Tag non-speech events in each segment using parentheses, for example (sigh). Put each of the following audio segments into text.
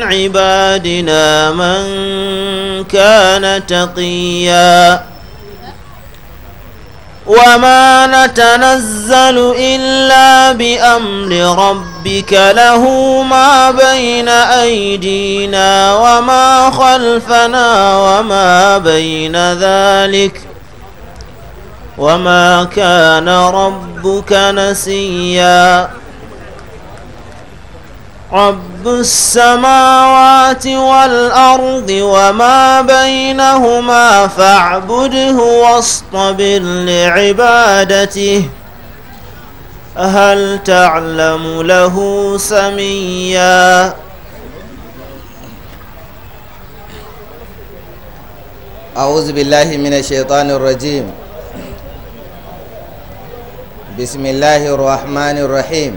من عبادنا من كان تقيا وما نتنزل إلا بأمر ربك له ما بين أيدينا وما خلفنا وما بين ذلك وما كان ربك نسيا رب السماوات والأرض وما بينهما فاعبده واصطبر لعبادته هل تعلم له سميا أعوذ بالله من الشيطان الرجيم بسم الله الرحمن الرحيم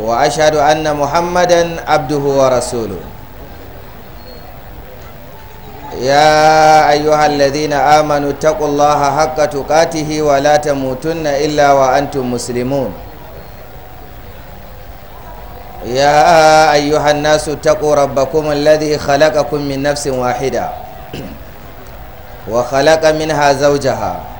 wa ashadu anna muhammadan abduhu wa rasulu ya ayyuhal ladhina amanu taqullaha haqqa tuqatihi wa la tamutunna illa wa antum muslimun ya ayyuhan nasu taqu rabbakum alladhi khalaqakum min nafsin wahida (clears throat) wa khalaqa minha zawjaha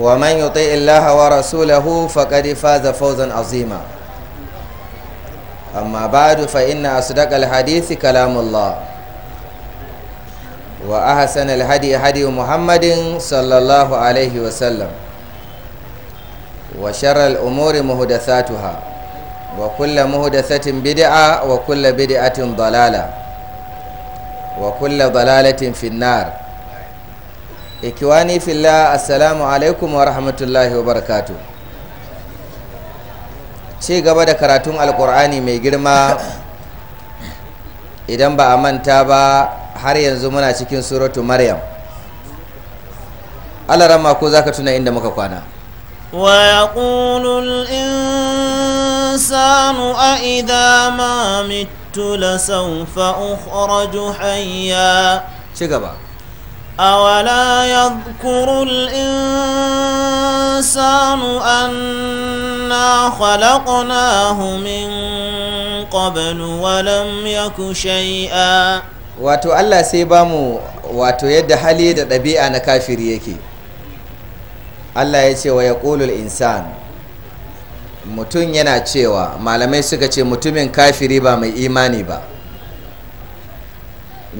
ومن يطع الله ورسوله فقد فاز فوزا عظيما أما بعد فإن أصدق الحديث كلام الله وأحسن الهدي هدي محمد صلى الله عليه وسلم وشر الأمور مهدثاتها وكل مهدثة بدعة وكل بدعة ضلالة وكل ضلالة في النار ikiwani filla assalamu alaikum wa rahmatullahi wa barakatu ci gaba da karatun alkur'ani mai girma idan ba a manta ba har yanzu muna cikin suratu maryam alarama ko zaka tuna inda muka kwana wa yaqulu al-insanu a idama ma mittu lasawfa ci gaba أولا يذكر الإنسان أنا خلقناه من قبل ولم يك شيئا wato Allah sai ba mu wato yadda hali da ɗabi'a na kafiri yake Allah ya ce wa ya insan mutum yana cewa malamai suka ce mutumin kafiri ba mai imani ba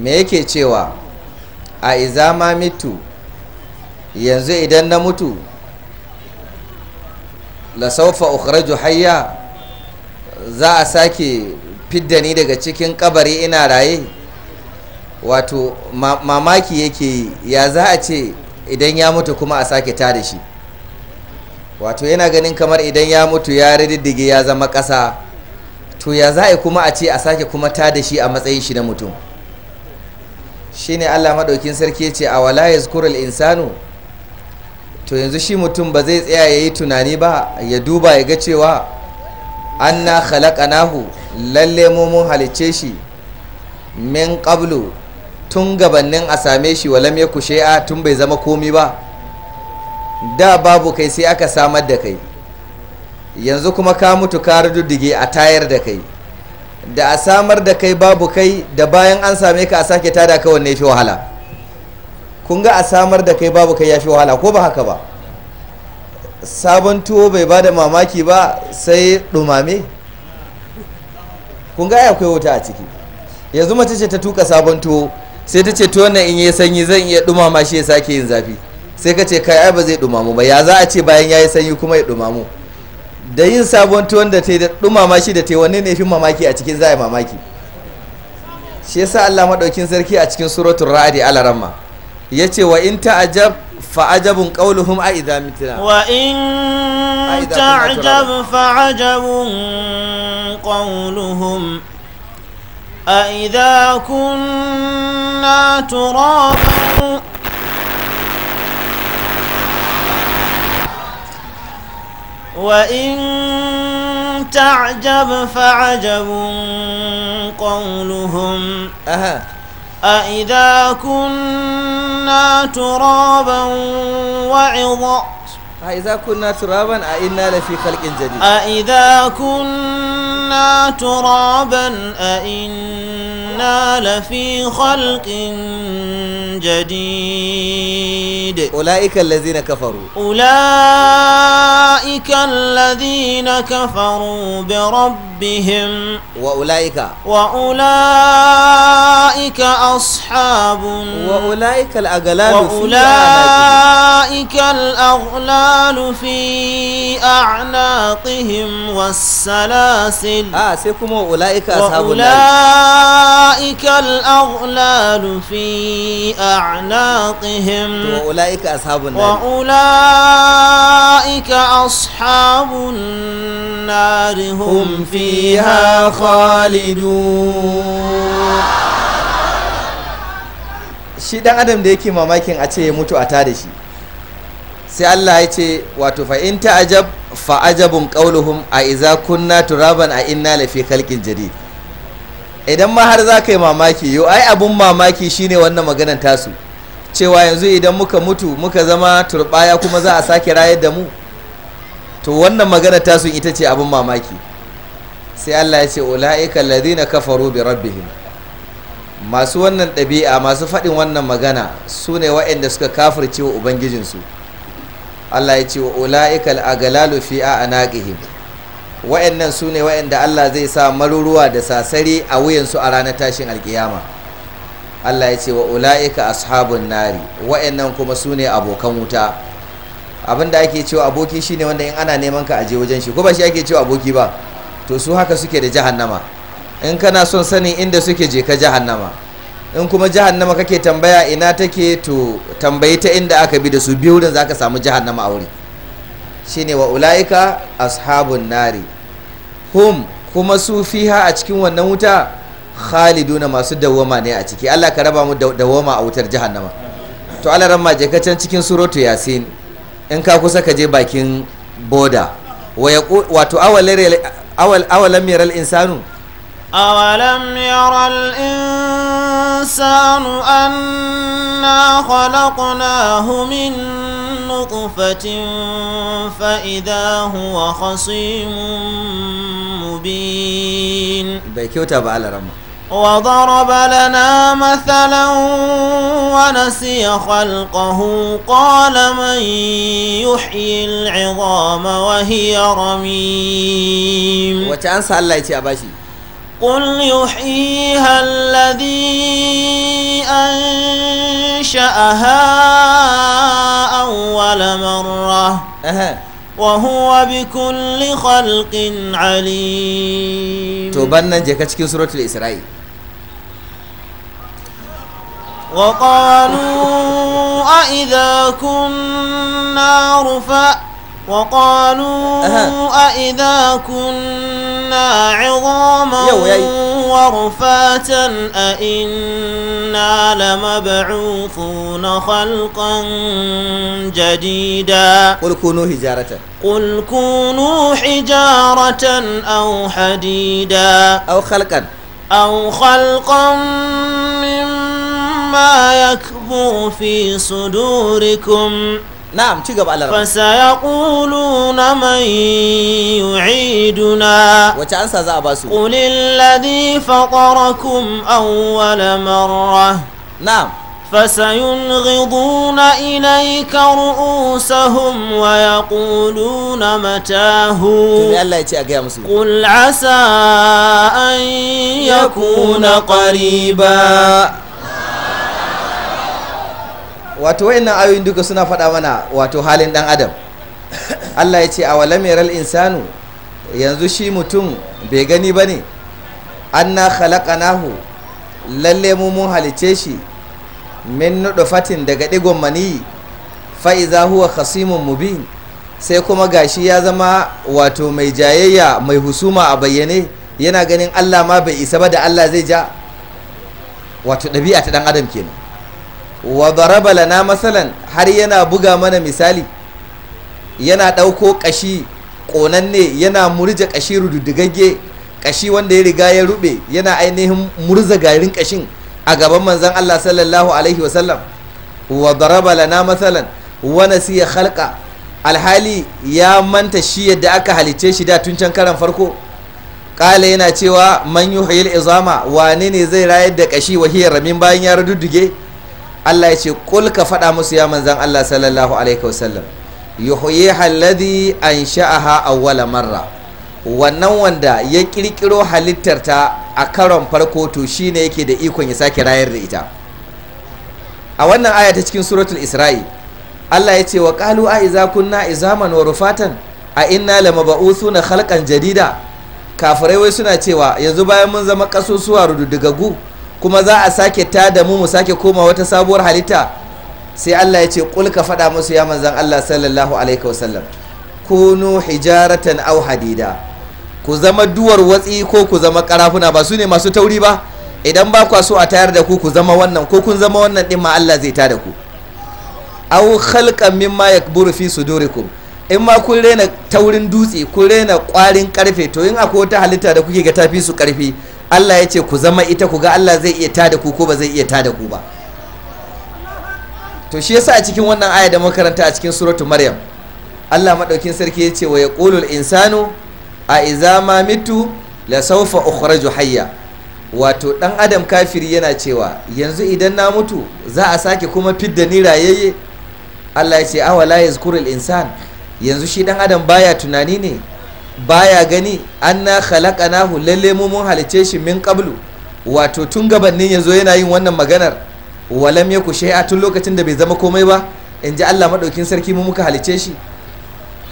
me yake cewa a izama mitu yanzu idan na mutu la saufa ukhraju hayya za a sake fidda ni daga cikin kabari ina raye wato mamaki yake ya za a ce idan ya mutu kuma a sake tada shi wato yana ganin kamar idan ya mutu ya riddige ya zama ƙasa to ya za a kuma a ce a sake kuma ta da shi a matsayin shi na mutum shine Allah maɗaukin sarki ce a wala yazkurul insanu to yanzu shi mutum ba zai tsaya yi tunani ba ya duba ya ga cewa anna khalaqanahu lalle mu halicce shi min ƙablu, tun gabannin a same shi walam ya kushe a tun bai zama komi ba da babu kai sai aka samar da kai yanzu kuma ka mutu ka dige a tayar da kai da a samar da kai babu kai da bayan an same ka a sake tada ka wanne fi wahala kun ga a samar da kai babu kai ya fi wahala ko ba haka ba sabon tuwo bai ba da mamaki ba sai dumame kun ga akwai wuta a ciki yanzu mace ce ta tuka sabon tuwo sai ta ce tuwo na in yi sanyi zan iya dumama shi ya sake yin zafi sai ka ce kai ai ba zai dumamu ba ya za a ce bayan ya yi sanyi kuma ya dumamu da yin sabon tuwon da ta yi da ɗumama shi da ta yi wanne ne fi mamaki a cikin za mamaki shi yasa Allah maɗaukin sarki a cikin suratul ra'adi alaramma ya ce wa in ta'ajab fa'ajabun qawluhum a idza mitna wa in ta'ajab fa'ajabun qawluhum a idza kunna turaban وإن تعجب فعجب قولهم أها أإذا كنا ترابا وعظا أإذا كنا ترابا أإنا لفي خلق جديد أإذا كنا ترابا أإنا لفي خلق جديد أولئك الذين كفروا أولئك الذين كفروا بربهم وأولئك وأولئك أصحاب وأولئك الأغلال وأولئك الأغلال الأغلال في أعناقهم والسلاسل آه سيكم أولئك أصحاب النار الأغلال في أعناقهم وأولئك أصحاب النار وأولئك أصحاب النار هم فيها خالدون shi dan adam da yake mamakin a ce ya mutu a tare shi sai Allah ya ce wato fa in ta'ajab fa ajabun qauluhum a iza kunna turaban a inna lafi khalqin jari. idan ma har za ka yi mamaki yau ai abun mamaki shine wannan maganan tasu cewa yanzu idan muka mutu muka zama turbaya kuma za a sake rayar da mu to wannan magana tasu ita ce abun mamaki sai Allah ya ce ulaika alladhina kafaru bi rabbihim masu wannan ɗabi'a masu faɗin wannan magana sune ne waɗanda suka kafirce wa ubangijinsu Allah ya ce wa ula'ikal agalalu fi anaqihim wa'annan su ne wa'anda Allah zai sa maruruwa da sasare a wuyansu a ranar tashin alkiyama Allah ya ce wa ula'ika ashabun nari wa'annan kuma su ne abokan wuta abinda ake cewa aboki shine wanda in ana neman ka aje wajen shi ko ba shi ake cewa aboki ba to su haka suke da jahannama in kana son sanin inda suke je ka jahannama in kuma jahannama kake tambaya ina take to tambayi ta inda aka bi da su biyu za zaka samu jahannama aure shine wa ulaika ashabun nari hum kuma su fiha a cikin wannan wuta khaliduna masu dawwama ne a ciki Allah ka raba mu dawwama a wutar jahannama to Allah ramma je cikin suratu yasin in ka kusa ka je bakin boda wato awalam yaral insanu awalam yaral insanu الإنسان أنا خلقناه من نطفة فإذا هو خصيم مبين بعلى رمى وضرب لنا مثلا ونسي خلقه قال من يحيي العظام وهي رميم وتأنسى الله يا أباشي قل يحييها الذي أنشأها أول مرة وهو بكل خلق عليم توبنا جكتشكي سورة الإسرائيل وقالوا أئذا كنا رفأ وقالوا أإذا كنا عظاما ورفاتا أئنا لمبعوثون خلقا جديدا قل كونوا حجارة قل كونوا حجارة أو حديدا أو خلقا أو خلقا مما يكبر في صدوركم na'am ci gaba Allah fasayaquluna man yu'iduna wace ansa za a ba su qul alladhi fatarakum awwal marra na'am فسينغضون إليك رؤوسهم ويقولون متاه قل عسى أن يكون قريبا wato wayannan ayoyin duka suna faɗa mana wato halin ɗan adam Allah ya ce a walam yaral insanu yanzu shi mutum bai gani ba ne an na halaka nahu lalle mummun mun halice shi min fatin daga ɗigon maniyi fa'iza iza huwa khasimun mubin sai kuma gashi ya zama wato mai jayayya mai husuma a bayyane yana ganin Allah ma bai isa ba da Allah zai ja wato ɗabi'a ta ɗan adam kenan wa daraba lana masalan har yana buga mana misali yana ɗauko ƙashi ƙonanne yana murja ƙashi rududdugagge ƙashi wanda ya riga ya rube yana ainihin murza garin ƙashin a gaban manzan Allah sallallahu alaihi wasallam wa daraba lana masalan wa ya halka alhali ya manta shi yadda aka halicce shi da tun can karan farko ƙala yana cewa man yuhyil izama wane ne zai rayar da ƙashi wahiyar ramin bayan ya rududduge Allah ya ce kul ka faɗa musu ya manzan Allah sallallahu alaihi wasallam yuhyi alladhi ansha'aha awwala marra wannan wanda ya kirkiro halittar ta a karon farko to shine yake da ikon ya sake rayar da ita a wannan aya ta cikin suratul isra'i Allah ya ce wa qalu a iza kunna izaman wa rufatan a inna lamab'uthuna khalqan jadida kafirai wai suna cewa yanzu bayan mun zama kasusuwa rududdugagu kuma za a sake ta da mu mu sake koma wata sabuwar halitta sai Allah ya ce kul ka faɗa musu ya manzan Allah sallallahu alaihi wasallam kunu hijaratan aw hadida ku zama duwar watsi ko ku zama karafuna ba su ne masu tauri ba idan ba kwa so a tayar da ku ku zama wannan ko kun zama wannan din ma Allah zai tada ku aw khalqan mimma yakburu fi sudurikum in ma kun rena taurin dutse kun rena kwarin karfe to in akwai wata halitta da kuke ga tafi su karfi Allah ya ce ku zama ita ku ga Allah zai iya tada ku ko ba zai iya tada ku ba to shi yasa a cikin wannan aya da makaranta a cikin suratu maryam Allah maɗaukin sarki ya ce wa yaqulul insanu a iza ma mitu la saufa ukhraju hayya wato ɗan adam kafiri yana cewa yanzu idan na mutu za a sake kuma fidda ni rayayye Allah ya ce awala yazkurul insan yanzu shi ɗan adam baya tunani ne baya gani anna khalaqanahu lalle mu mun halice shi min qablu wato tun gabanin yazo yana yin wannan maganar walam yaku shay'a tun lokacin da bai zama komai ba in ji Allah madaukin sarki mu muka halice shi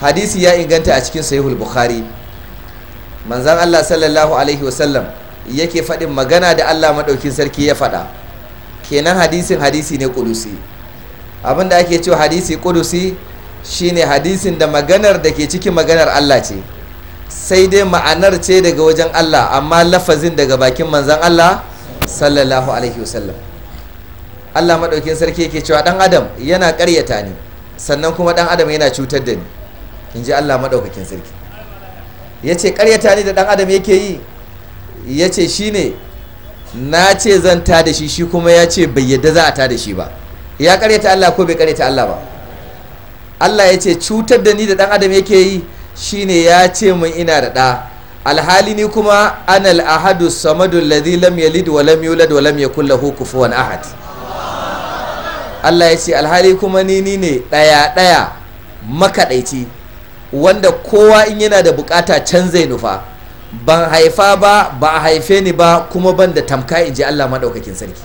hadisi ya inganta a cikin sahihul bukhari manzon Allah sallallahu alaihi wasallam yake fadin magana da Allah madaukin sarki ya faɗa kenan hadisin hadisi ne kudusi abinda ake cewa hadisi kudusi shine hadisin da maganar da ke cikin maganar Allah ce sai dai ma'anar ce daga wajen Allah amma lafazin daga bakin manzan Allah sallallahu alaihi wasallam Allah maɗaukin sarki yake cewa ɗan adam yana ƙaryata ni sannan kuma ɗan adam yana cutar da ni in ji Allah maɗaukakin sarki ya ce ƙaryata ni da ɗan adam yake yi ya ce shi ne na ce zan ta da shi shi kuma ya ce bai yadda za a ta da shi ba ya ƙaryata Allah ko bai ƙaryata Allah ba Allah ya ce cutar da ni da ɗan adam yake yi shine ya ce min ina da ɗa alhali ni kuma anal ahadu samadu ladhi lam yalid wa lam yulad wa lam yakul lahu kufuwan ahad Allah ya ce alhali kuma ni ni ne ɗaya ɗaya makaɗaici wanda kowa in yana da bukata can zai nufa ban haifa ba ba a haife ni ba kuma ban da tamka in ji Allah maɗaukakin sarki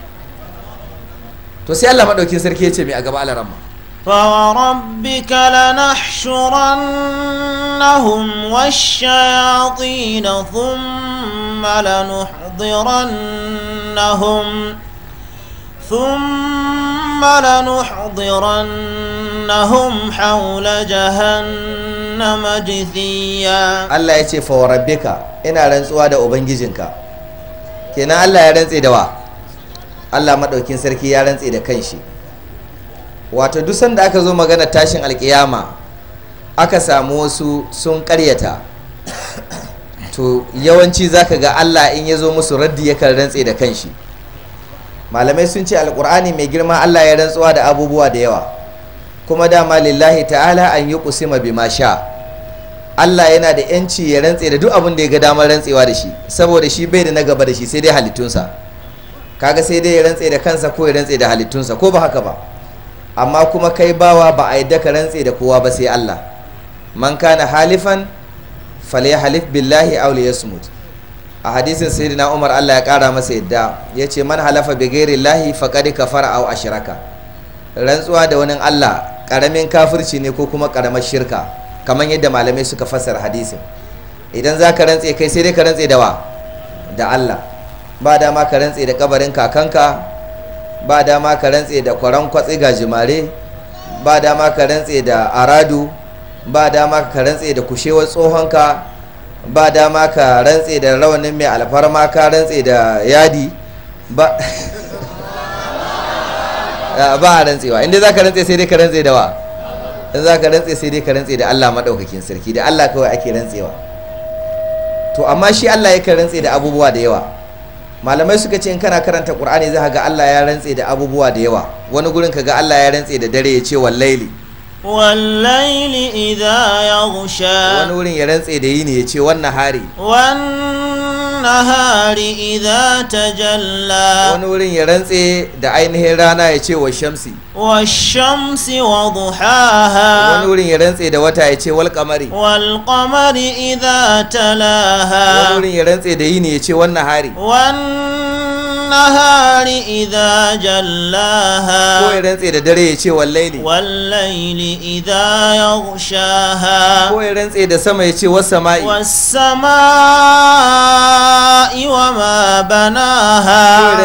to sai Allah maɗaukakin sarki ya ce mai a gaba alaramma فوربك لنحشرنهم والشياطين ثم لنحضرنهم ثم لنحضرنهم حول جهنم جثيا الله يتي فوربك ina rantsuwa da ubangijinka kenan Allah ya rantse da wa Allah madaukin sarki ya rantse da kanshi wato duk da aka zo magana tashin alkiyama aka samu wasu sun karyata to yawanci zaka ga Allah in ya zo musu raddi yakan rantse da kanshi malamai sun ce alkur'ani mai girma Allah ya rantsuwa da abubuwa da yawa kuma dama lillahi ta'ala an yi kusima bi ma sha Allah yana da yanci ya rantse da duk abin da ya ga damar rantsewa da shi saboda shi bai da na gaba da shi sai dai halittunsa kaga sai dai ya rantse da kansa ko ya rantse da halittunsa ko ba haka ba amma kuma kai bawa ba a yi daka rantse da kowa ba sai Allah man kana halifan halif billahi aw liyasmut a hadisin sayyidina Umar Allah ya kara masa yadda yace man halafa bi ghairi llahi faqad kafara aw ashraka rantsuwa da wani Allah karamin kafirci ne ko kuma karamar shirka kamar yadda malamai suka fassara hadisin idan za ka rantse kai sai dai ka rantse da wa da Allah ba dama ka rantse da kabarin kakanka ba dama ka rantse da kwaran kwatsi ga jimare ba dama ka rantse da aradu ba dama ka rantse da kushewar tsohonka ba dama ka rantse da rawanin mai alfarma ka rantse da yadi ba (laughs) ba a rantsewa inda za ka rantse sai dai ka rantse da wa in za ka rantse sai dai ka rantse da Allah maɗaukakin sarki da Allah kawai ake rantsewa to amma shi Allah ya ka rantse da abubuwa da yawa malamai suka ce in kana karanta qur'ani za ga Allah ya rantse da abubuwa da yawa wani gurin ka ga Allah ya rantse da dare ya ce wallaili wallaili idha yaghsha wani gurin ya rantse da yini ya ce wannan hari tajalla Wani wurin ya rantse da ainihin rana ya ce wa shamsi wa shamsi wa duhaha wani wurin ya rantse da wata ya ce wal kamari wal kamari idha talaha wani wurin ya rantse da yini ya ce wannan hari والنهار إذا jallaha. ko ya rantse da dare ya ce wal laili idha yaghshaha ko ya rantse da sama ya ce was samai was samai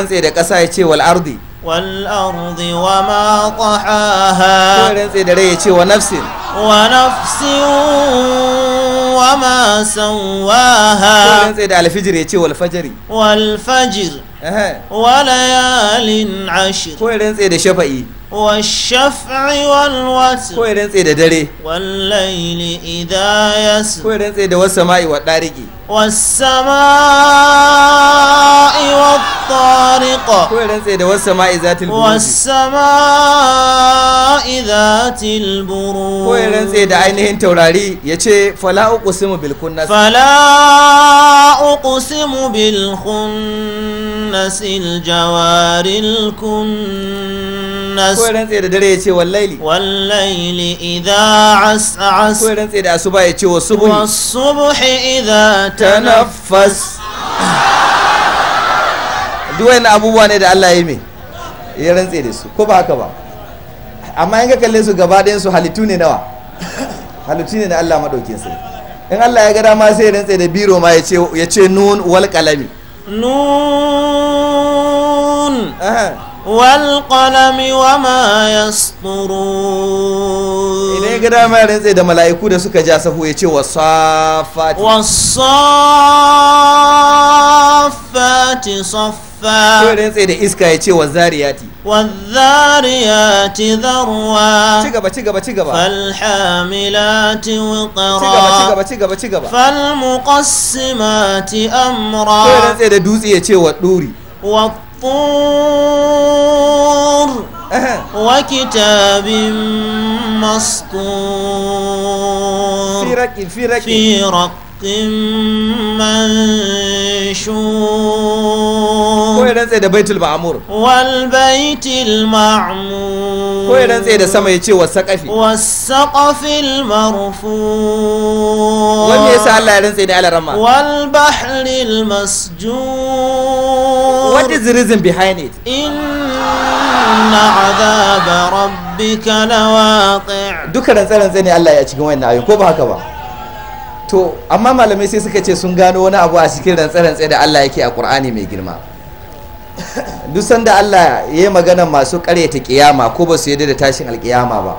rantse da ƙasa ya ce wal ardi wal ardi wa ma tahaha ko rantse da rai ya ce wa nafsin wa nafsin wa ma sawaha ko rantse da alfijir ya ce wal fajri wal fajr wa layalin ashir ko rantse da shafa'i wa shaf'i wal watr ko rantse da dare wal layli idha ko rantse da wasu sama'i wa ɗariki. والسماء والطارق والسماء ذات البروج والسماء ذات البروج ويرن سيد عينهن توراري يتي فلا أقسم بالكنس فلا أقسم بالخنس الجوار الكنس والليل والليل إذا عسعس ويرن والصبح إذا tanafas tanaffas duwayen abubuwa ne da Allah ya yi ya rantse da su ko ba haka ba amma in ka kalle su gaba ɗayan su halittu ne nawa halittu ne na Allah maɗauki sai in Allah ya ga dama sai ya rantse da biro ma ya ce nun wal kalami nun wal kalami wa ma yasturun gida ga rantsai da mala'iku da suka ja sahu ya ce wa safati saffa ko rantse da iska ya ce wa wa zariyati zarwa ci gaba ci gaba ci gaba falhamilati wiqra ci gaba ci gaba ci gaba falmuqassimati amra ko rantse da dutse ya ce wa duri wa وكتاب مسطور في رق في رق في رق منشور ko ya rantse da baitul ma'mur wal baitul ma'mur ko ya rantse da sama ya ce wasaqafi wasaqafil marfu wanne yasa Allah ya rantse da alarama wal bahril masjur. what is the reason behind it inna adhaba rabbika lawaqi' duka rantse rantse ne Allah ya cikin wannan ayoyi ko ba haka ba to amma malamai sai suka ce sun gano wani abu a cikin rantse-rantse da Allah yake a Qur'ani mai girma duk sanda Allah ya yi magana masu karyata kiyama ko ba su yi da tashin alkiyama ba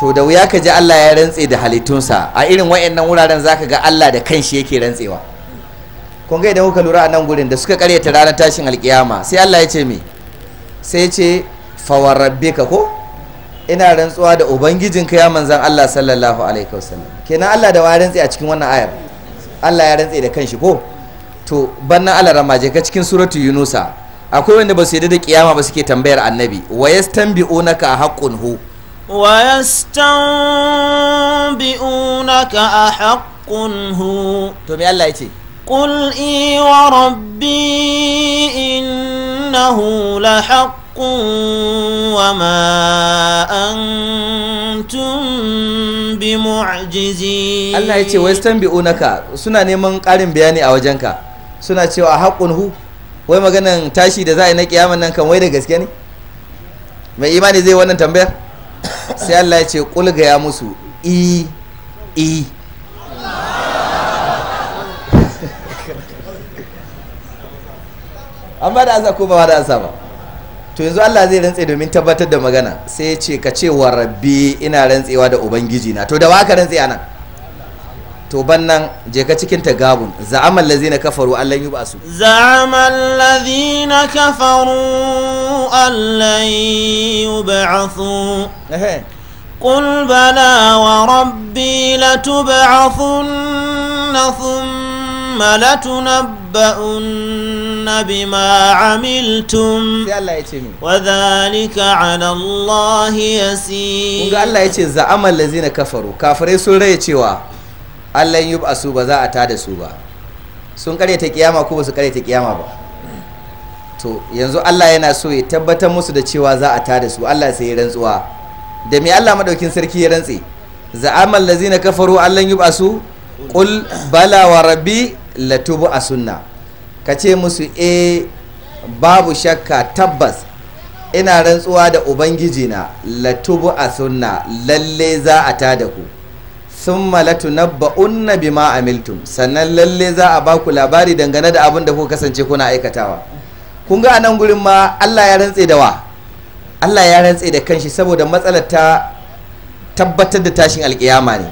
to da wuya ka ji Allah ya rantse da halittunsa a irin wayannan wuraren za ka ga Allah da kanshi yake rantsewa kun ga idan kuka lura a nan gurin da suka karyata ranar tashin alkiyama sai Allah ya ce me sai ya ce rabbika ko ina rantsuwa da ubangijinka ya manzan Allah sallallahu alaihi wasallam kenan Allah da wa rantse a cikin wannan ayar Allah ya rantse da kanshi ko to banna alarama je ka cikin suratu yunusa akwai wanda ba su yadda da kiyama ba suke tambayar annabi wa ya a haƙƙun hu wa ya a haƙƙun hu to me Allah ya yace قل إي وربي إنه لحق وما أنتم بمعجزين الله يتي ويستنبئونك سنة نيمان قارن بياني أو جنكا suna cewa a haƙun hu wai maganan tashi da za a yi na ƙiyamun nan kan wai da gaske ne mai imani zai wannan tambayar (coughs) sai Allah ya ce kulga ya musu i i (laughs) an ba da ansa ko ba da ansa ba to yanzu Allah zai rantse domin tabbatar da magana sai ya ce ka ce wa rabbi ina rantsewa da ubangiji na to da waka ka rantse anan to bannan je ka cikin ta gabun za'ama allazina kafaru allan su za'ama allazina kafaru allan yub'asu قل بلى وربي لتبعثن ثم لتنبؤن بما عملتم وذلك على الله يسير الله يتي زعم الذين كفروا كافرين سورة يتيوا Allah yub ba ba za a da su ba sun kare ta kiyama ko ba su kare ta kiyama ba to yanzu Allah yana so ya tabbatar musu da cewa za a da su Allah sai ya rantsuwa da me Allah madaukin sarki ya rantse za'amal lazina kafaru Allah yub asu qul bala wa rabbi latubu asunna kace musu e babu shakka tabbas ina rantsuwa da ubangijina latubu a lalle za a ta da ku sun malatu na ba'unna bima amiltum sannan lalle za a baku labari dangane da abin da kuka kasance kuna aikatawa kun ga anan gurin ma Allah ya rantse da wa Allah ya rantse da kanshi saboda matsalar ta tabbatar da tashin alkiyama ne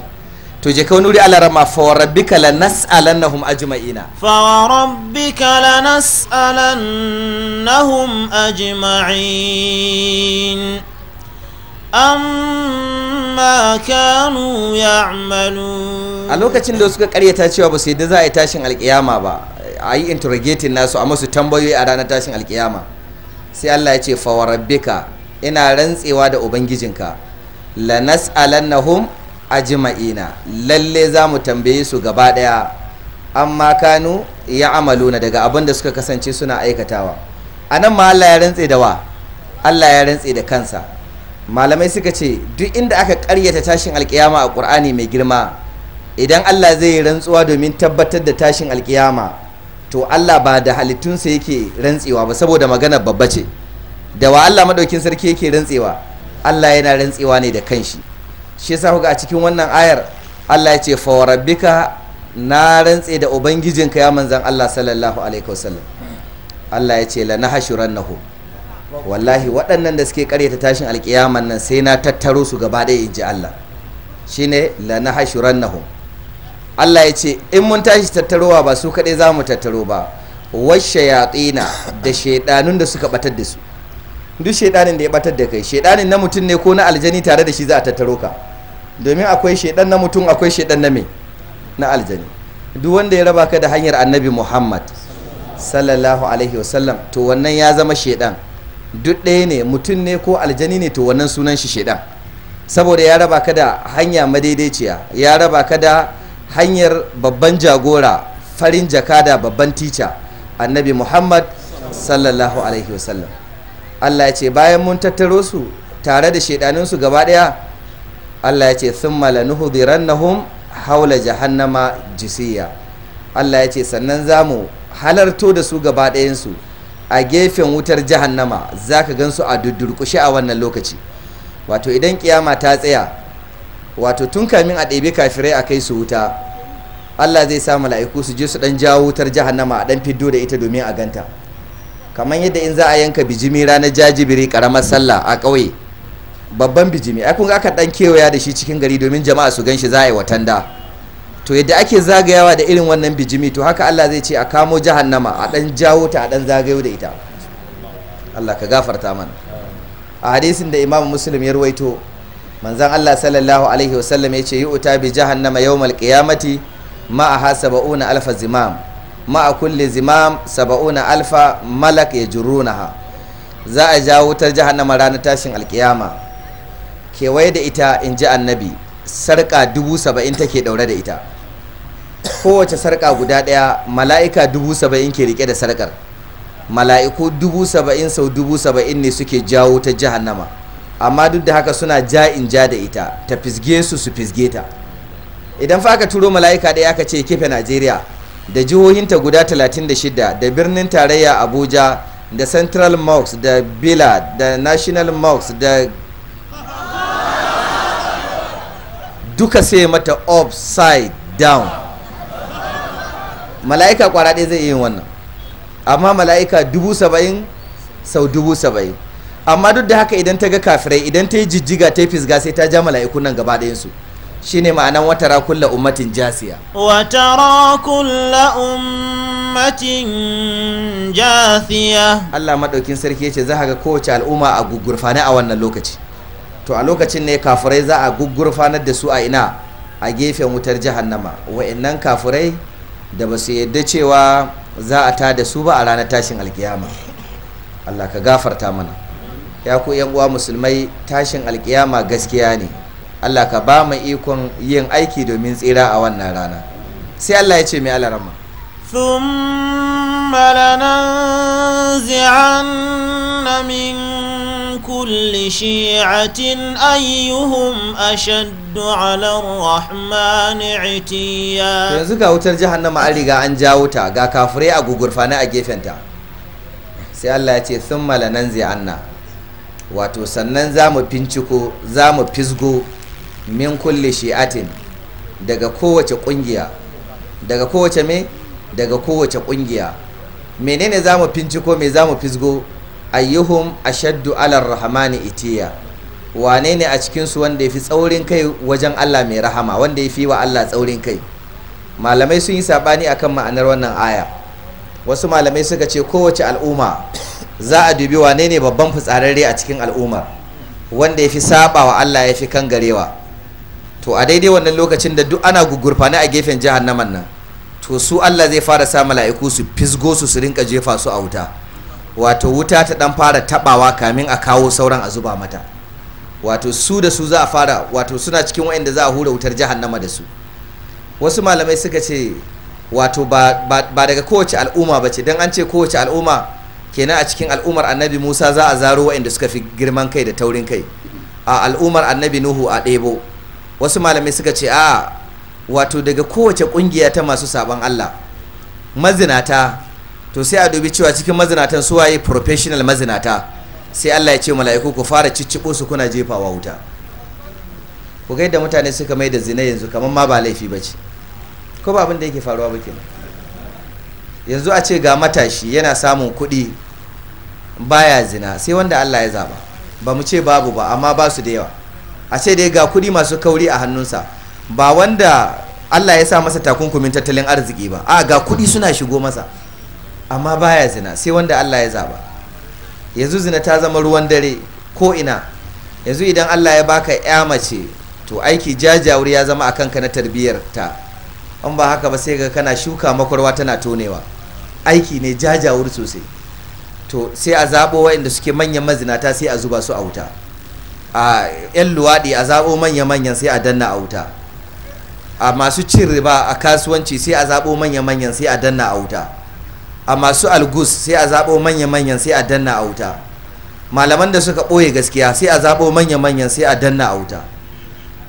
to je ka nuri ala rama fa rabbika lanas'alannahum ajma'ina fa rabbika lanas'alannahum ajma'in amma kanu ya'malu a lokacin da suka karyata cewa ba su da za a yi tashin alkiyama ba a yi interrogating nasu a masu tambayoyi a ranar tashin alkiyama sai Allah ya ce fawarabbika ina rantsewa da ubangijinka la nas'alannahum ajma'ina lalle za mu tambaye su gaba daya amma kanu ya amaluna daga abin da suka kasance suna aikatawa a nan ma Allah ya rantse da wa Allah ya rantse da kansa malamai suka ce duk inda aka karyata tashin alkiyama a ƙur'ani mai girma idan allah zai yi rantsuwa domin tabbatar da tashin alkiyama to allah ba da halittunsa yake rantsewa ba saboda magana babba ce da wa allah maɗaukin sarki yake rantsewa allah yana rantsewa ne da kanshi shi yasa a cikin wannan ayar allah ya ce fawarabbika na rantse da ubangijinka ya manzan allah sallallahu alaihi wasallam allah ya ce la na nahashurannahum wallahi waɗannan da suke ta tashin alkiyaman nan sai na tattaro su gaba ɗaya in ji Allah Shi ne, la na na Allah ya ce in mun tashi tattarowa ba su kaɗai za mu tattaro ba washe yaƙina da shaidanun da suka batar da su duk shaidanin da ya batar da kai shaidanin na mutum ne ko na aljani tare da shi za a tattaro ka domin akwai shaidan na mutum akwai shaidan na me na aljani duk wanda ya raba ka da hanyar annabi muhammad sallallahu alaihi wasallam to wannan ya zama shaidan duk ɗaya ne mutum ne ko aljani ne to wannan sunan shi shaidan saboda ya raba ka da hanya madaidaiciya ya raba ka da hanyar babban jagora farin jaka da babban tica annabi muhammad sallallahu alaihi wasallam allah ya ce bayan mun tattaro su tare da shaidaninsu gaba ɗaya allah ya ce sun malanuhu zirannahum haula jahannama jisiya allah ya ce sannan za mu halarto da su gaba ɗayansu a gefen wutar jahannama za ka gan su a durkushe a wannan lokaci wato idan kiyama ta tsaya wato tun kamin a ɗebe kafirai a kai su wuta allah zai sa mala'iku su je su ɗan jawo wutar jahannama a ɗan fiddo da ita domin a ganta kamar yadda in za a yanka bijimi ranar jajibiri karamar sallah a ƙauye babban bijimi ai kun ga aka ɗan kewaya da shi cikin gari domin jama'a su gan shi za a yi watanda to yadda ake zagayawa da irin wannan bijimi to haka Allah zai ce a kamo jahannama a dan jawo ta a dan zagayo da ita Allah ka gafarta mana a hadisin da Imam Muslim ya ruwaito manzon Allah sallallahu alaihi wasallam yace uta bi jahannama yawmal qiyamati ma'aha sab'una alfa zimam ma'a kulli zimam sab'una alfa malak yajrunaha za a jawo ta jahannama ranar tashin alkiyama kewaye da ita in ji annabi Sarka dubu saba'in take daure da ita kowace sarka guda ɗaya mala'ika dubu saba'in ke rike da sarƙar mala'iku dubu saba'in sau dubu saba'in ne suke jawo ta jahannama amma duk da haka suna ja in ja da ita ta fisge su su fisge ta idan fa aka turo mala'ika ɗaya aka ce kefe najeriya da jihohinta guda 36 da birnin tarayya abuja da central mosque da bila da national mosque da duka sai mata upside down mala'ika kwara ɗaya zai yin wannan amma mala'ika dubu saba'in sau dubu saba'in amma duk da haka idan ta ga kafirai idan ta yi jijjiga ta yi fisga sai ta ja mala'ikunan nan gaba ɗayansu shine ma'anan wata kulla ummatin jasiya watara kulla ummatin jasiya Allah maɗaukin sarki yace za ga kowace al'umma a gugurfane a wannan lokaci to a lokacin ne kafirai za a gugurfanar da su a ina a gefen wutar jahannama wa'annan kafirai da ba su yadda cewa za a ta da su ba a ranar tashin alkiyama Allah ka gafarta mana ya ku yan uwa musulmai tashin alkiyama gaskiya ne Allah ka ba mu ikon yin aiki domin tsira a wannan rana sai Allah ya ce mai alarama ثم لننزعن من shi'atin شيعة a أشد على الرحمن عتيا yanzu ga wutar jihar an riga an jawo ta ga kafirai a gugurfani a gefenta sai Allah ya ce thumma lananzi'anna wato sannan za mu finciko za mu fisgo min kulli shi'atin daga kowace me daga kowace ƙungiya menene za mu finciko me za mu fisgo ayyuhum ashaddu alar rahamani itiya wane ne a cikinsu wanda ya fi tsaurin kai wajen allah mai rahama wanda ya fi wa allah tsaurin kai malamai sun yi saɓani akan ma'anar wannan aya wasu malamai suka ce kowace al'umma za a dubi wane ne babban fitsararre a cikin al'ummar wanda ya fi saɓa wa allah ya fi kan garewa to a daidai wannan lokacin da duk ana gugurfani a gefen jihar naman nan to su Allah zai fara sa mala'iku su fisgo su su rinka jefa su a wuta wato wuta ta dan fara tabawa kamin a kawo sauran a zuba mata wato su da su za a fara wato suna cikin wa'anda za a hura wutar jahannama da su wasu malamai suka ce wato ba, daga kowace al'umma ba ce don an ce kowace al'umma kenan a cikin al'ummar annabi musa za a zaro wa'anda suka fi girman kai da taurin kai a al'ummar annabi nuhu a ɗebo wasu malamai suka ce a wato daga kowace kungiya ta masu saban Allah mazinata to sai a dubi cewa cikin mazinatan su waye professional mazinata sai Allah ya ce mala'iku ku fara ciccibo su kuna jefawa wuta ku ga yadda mutane suka mai da zina yanzu kamar ma ba laifi ba ce ko ba abin da yake faruwa ba kenan yanzu a ce ga matashi yana samun kuɗi baya zina sai wanda Allah ya zaba ba mu ce babu ba amma ba su da yawa a ce dai ga kuɗi masu kauri a hannunsa ba wanda Allah ya sa masa takunkumin tattalin arziki ba a ga kuɗi suna shigo masa amma baya zina sai wanda Allah ya zaba yanzu zina ta zama ruwan dare ko ina yanzu idan Allah ya baka ya mace to aiki jajawur ya zama akan ka na tarbiyyar ta an ba haka ba sai ga kana shuka makwarwa tana tonewa aiki ne jajawur sosai to sai a zabo waɗanda suke manyan mazinata sai a zuba su a wuta a 'yan luwaɗi a zabo manya-manyan sai a danna a wuta a masu cin riba a kasuwanci sai a zaɓo manya-manyan sai a danna a wuta a masu algus sai a zaɓo manya-manyan sai a danna a wuta malaman da suka ɓoye gaskiya sai a zaɓo manya-manyan sai a danna a wuta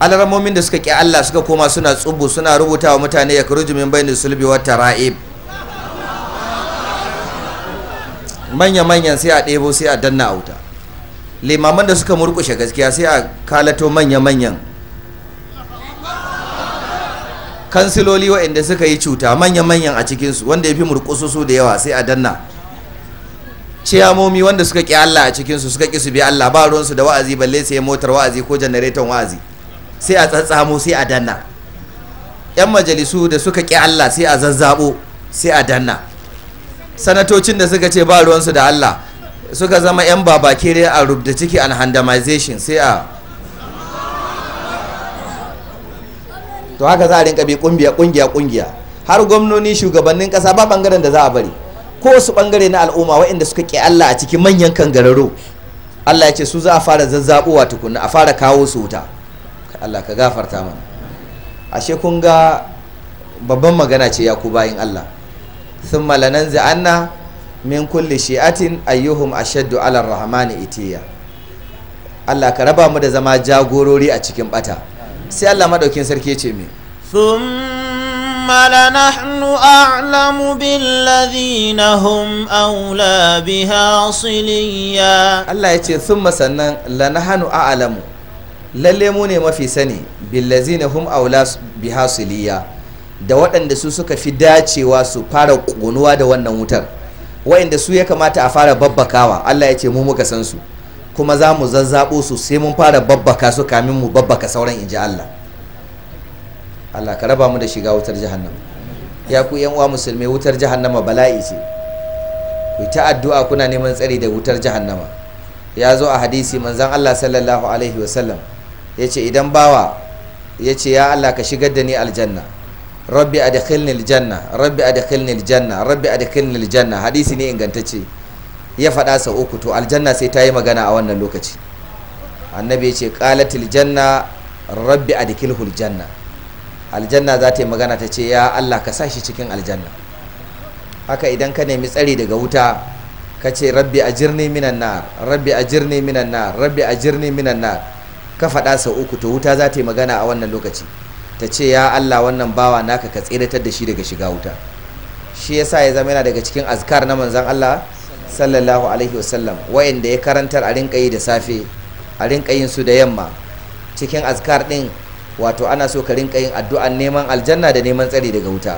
alramomin da suka ƙi Allah suka koma suna tsubu suna rubuta wa mutane ya kuruji min bayin sulbi wata ra'ib manya-manyan sai a ɗebo sai a danna a wuta limaman da suka murƙushe gaskiya sai a kalato manya-manyan kansiloli waɗanda suka yi cuta manya-manyan a cikinsu wanda ya fi murkususu da yawa sai a danna ciyamomi wanda suka ƙi Allah a cikinsu suka ƙi su bi Allah ba ruwansu da wa'azi balle sai motar wa'azi ko janareton wa'azi sai a tsatsamo sai a danna yan majalisu da suka ƙi Allah sai a zazzabo sai a danna sanatocin da suka ce ba ruwansu da Allah suka zama yan babakere a rubda ciki and handamization sai a to haka za a rinka bi kungiya kungiya kungiya har gwamnoni shugabannin kasa ba bangaren da za a bari ko su bangare na al'umma waɗanda suka ƙi Allah a cikin manyan kangararo Allah ya ce su za a fara zazzabuwa tukunna a fara kawo su wuta Allah ka gafarta mana ashe kun ga babban magana ce ya ku bayin Allah thumma lananzi anna min kulli shi'atin ayyuhum ashaddu ala rahmani itiya Allah ka raba mu da zama jagorori a cikin bata sai Allah madaukin sarki ce me thumma nahnu a'lamu ladina hum aula biha siliya Allah ya ce thumma sannan nahnu a'lamu lalle mu ne mafi sani ladina hum aula biha siliya da waɗanda su suka fi dacewa su fara ƙonuwa da wannan wutar Wa'inda su ya kamata a fara babbakawa Allah ya ce mu muka san su kuma za mu zazzabo su sai mun fara babbaka su kamin mu babbaka sauran inji Allah Allah ka raba mu da shiga wutar jahannama ya ku yan uwa musulmai wutar jahannama bala'i ce ku ta addu'a kuna neman tsari da wutar jahannama ya zo a hadisi manzon Allah sallallahu alaihi sallam. ya ce idan bawa ya ce ya Allah ka shigar da ni aljanna rabbi adkhilni aljanna rabbi adkhilni aljanna rabbi adkhilni aljanna hadisi ne ingantacce ya faɗa sau uku to aljanna sai ta yi magana a wannan lokaci annabi ya ce ƙalatil janna rabbi a adkhilhul janna aljanna za ta yi magana ta ce ya Allah ka sa shi cikin aljanna haka idan ka nemi tsari daga wuta ka ce rabbi a jirni minan na rabbi a jirni minan na rabbi a jirni minan na ka faɗa sau uku to wuta za ta yi magana a wannan lokaci ta ce ya Allah wannan bawa naka ka tseratar da shi daga shiga wuta shi yasa ya zama yana daga cikin azkar na manzan Allah sallallahu alaihi wasallam wayanda ya karantar a rinka yi da safe a rinka yin su da yamma cikin azkar din wato ana so ka rinka yin addu'an neman aljanna da neman tsari daga wuta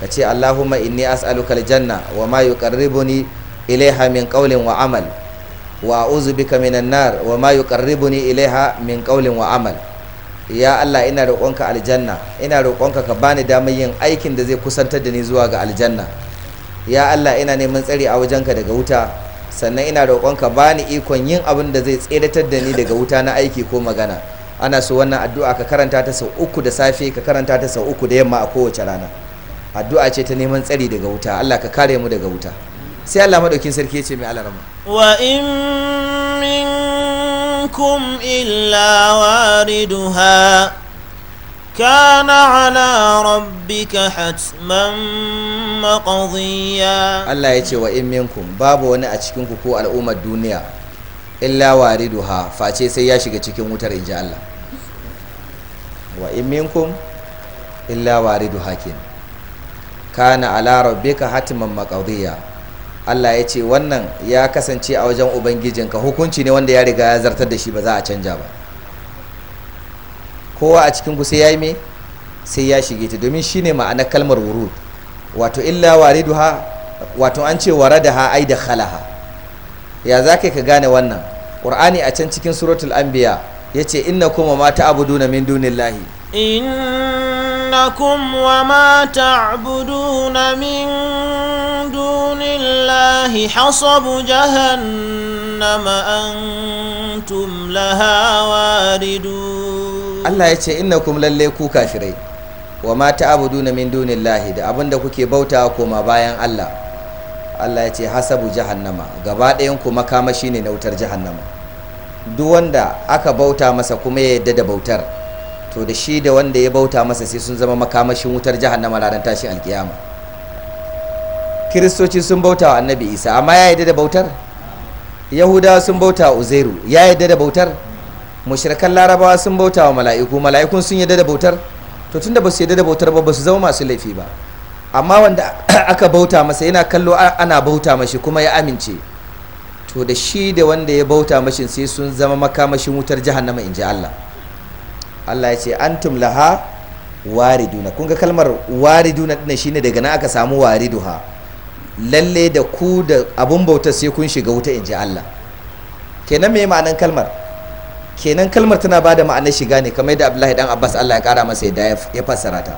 ka ce allahumma inni as'aluka aljanna wa ma yuqarribuni ilaiha min qawlin wa amal wa a'udhu bika minan nar wa ma yuqarribuni ilaiha min qawlin wa amal ya allah ina roƙonka aljanna ina roƙonka ka bani damar yin aikin da zai kusantar da ni zuwa ga aljanna ya Allah ina neman tsari a wajenka daga wuta sannan ina roƙonka bani ikon yin abin da zai tseratar da ni daga wuta na aiki ko magana ana so wannan addu'a ka karanta ta sau uku da safe ka karanta ta sau uku da yamma a kowace rana addu'a ce ta neman tsari daga wuta Allah ka kare mu daga wuta sai Allah madaukin sarki ya ce mai alarama wa in minkum illa wariduha كان على ربك حتما مقضيا الله يتي وإن منكم باب وانا أتشكنكم كو الأمة الدنيا إلا واردها فأتي سياشي كتشكن wutar إن الله وإن منكم إلا واردها كين كان على ربك حتما مقضيا Allah ya ce wannan ya kasance a wajen Ubangijinka hukunci ne wanda ya riga ya zartar da shi ba za a canja ba kowa a cikin sai ya yi me sai ya shige ta domin ne ma'ana kalmar wurud wato illa wariduha wato an ce waradaha ai da khalaha ya za ka gane wannan Ƙur'ani, a can cikin suratul anbiya yace inna wa ma na min Inna kuma wa ma na min Lahi, hasabu jahannama antum laha waridun Allah ya ce 'Inna kum lalle ku kafirai wa ma na min dunillahi da abinda kuke bautawa koma bayan Allah Allah ya ce hasabu jahannama gaba ɗayan ku makamashi ne na wutar jahannama duk wanda aka bauta masa kuma ya yadda da bautar to da shi da wanda ya bauta masa sai sun zama makamashin wutar jahannama ranar tashi alkiyama kiristoci sun bauta wa annabi isa amma ya yadda da bautar yahudawa sun bauta uzairu ya yadda da bautar mushrikan larabawa sun bauta wa mala'iku mala'ikun sun yadda da bautar to tunda ba su yadda da bautar ba ba su zama masu laifi ba amma wanda (coughs) aka bauta masa yana kallo ana bauta mashi kuma ya amince to da shi da wanda ya bauta mashi sai sun zama makamashin wutar jahannama in ji Allah Allah ya ce antum laha wariduna kun ga kalmar wariduna din shine daga nan aka samu wariduha lalle da ku da abun bautar sai kun shiga wuta in ji Allah kenan me ma'anan kalmar kenan kalmar tana ba da ma'anar shiga ne kamar yadda abdullahi dan abbas allah ya kara masa yadda ya fassara ta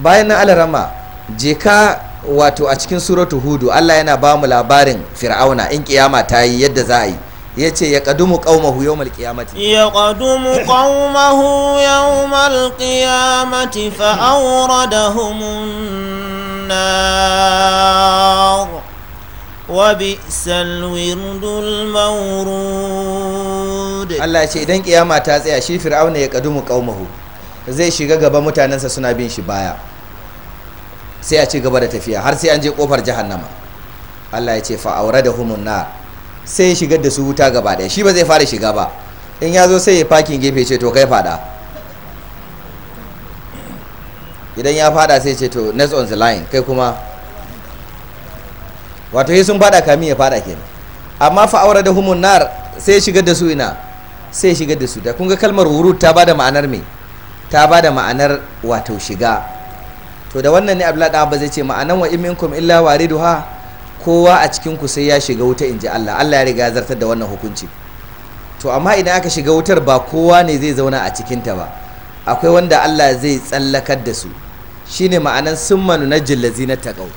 bayan nan alarama je ka wato a cikin suratu hudu allah yana ba mu labarin fir'auna in kiyama ta yi yadda za a yi ya ce ya kadumu ƙaumahu yau malƙiyamati ya kadumu ƙaumahu yau malƙiyamati fa'aura da humun nar وبئس الورد المورود الله ya ce idan kiyama ta tsaya shi fir'auna ya kadumu qaumahu zai shiga gaba mutanensa suna bin shi baya sai a ci gaba da tafiya har sai an je kofar jahannama Allah ya ce fa auradahumun nar sai ya shigar da su wuta gaba shi ba zai fara shiga ba in ya zo sai ya fakin gefe ce to kai fada idan ya fada sai ce to next on the line kai kuma wato yi sun fada kamin ya fada kenan amma fa aure da humun nar sai shigar da su ina sai shigar da su Da kun ga kalmar wurud ta bada ma'anar me ta bada ma'anar wato shiga to da wannan ne abdullahi dan ba zai ce ma'anan wa iminkum illa wariduha kowa a cikin sai ya shiga wuta in ji Allah Allah ya riga ya zartar da wannan hukunci to amma idan aka shiga wutar ba kowa ne zai zauna a cikinta ba akwai wanda Allah zai tsallakar da su shine ma'anan na nunajjil lazina taqaw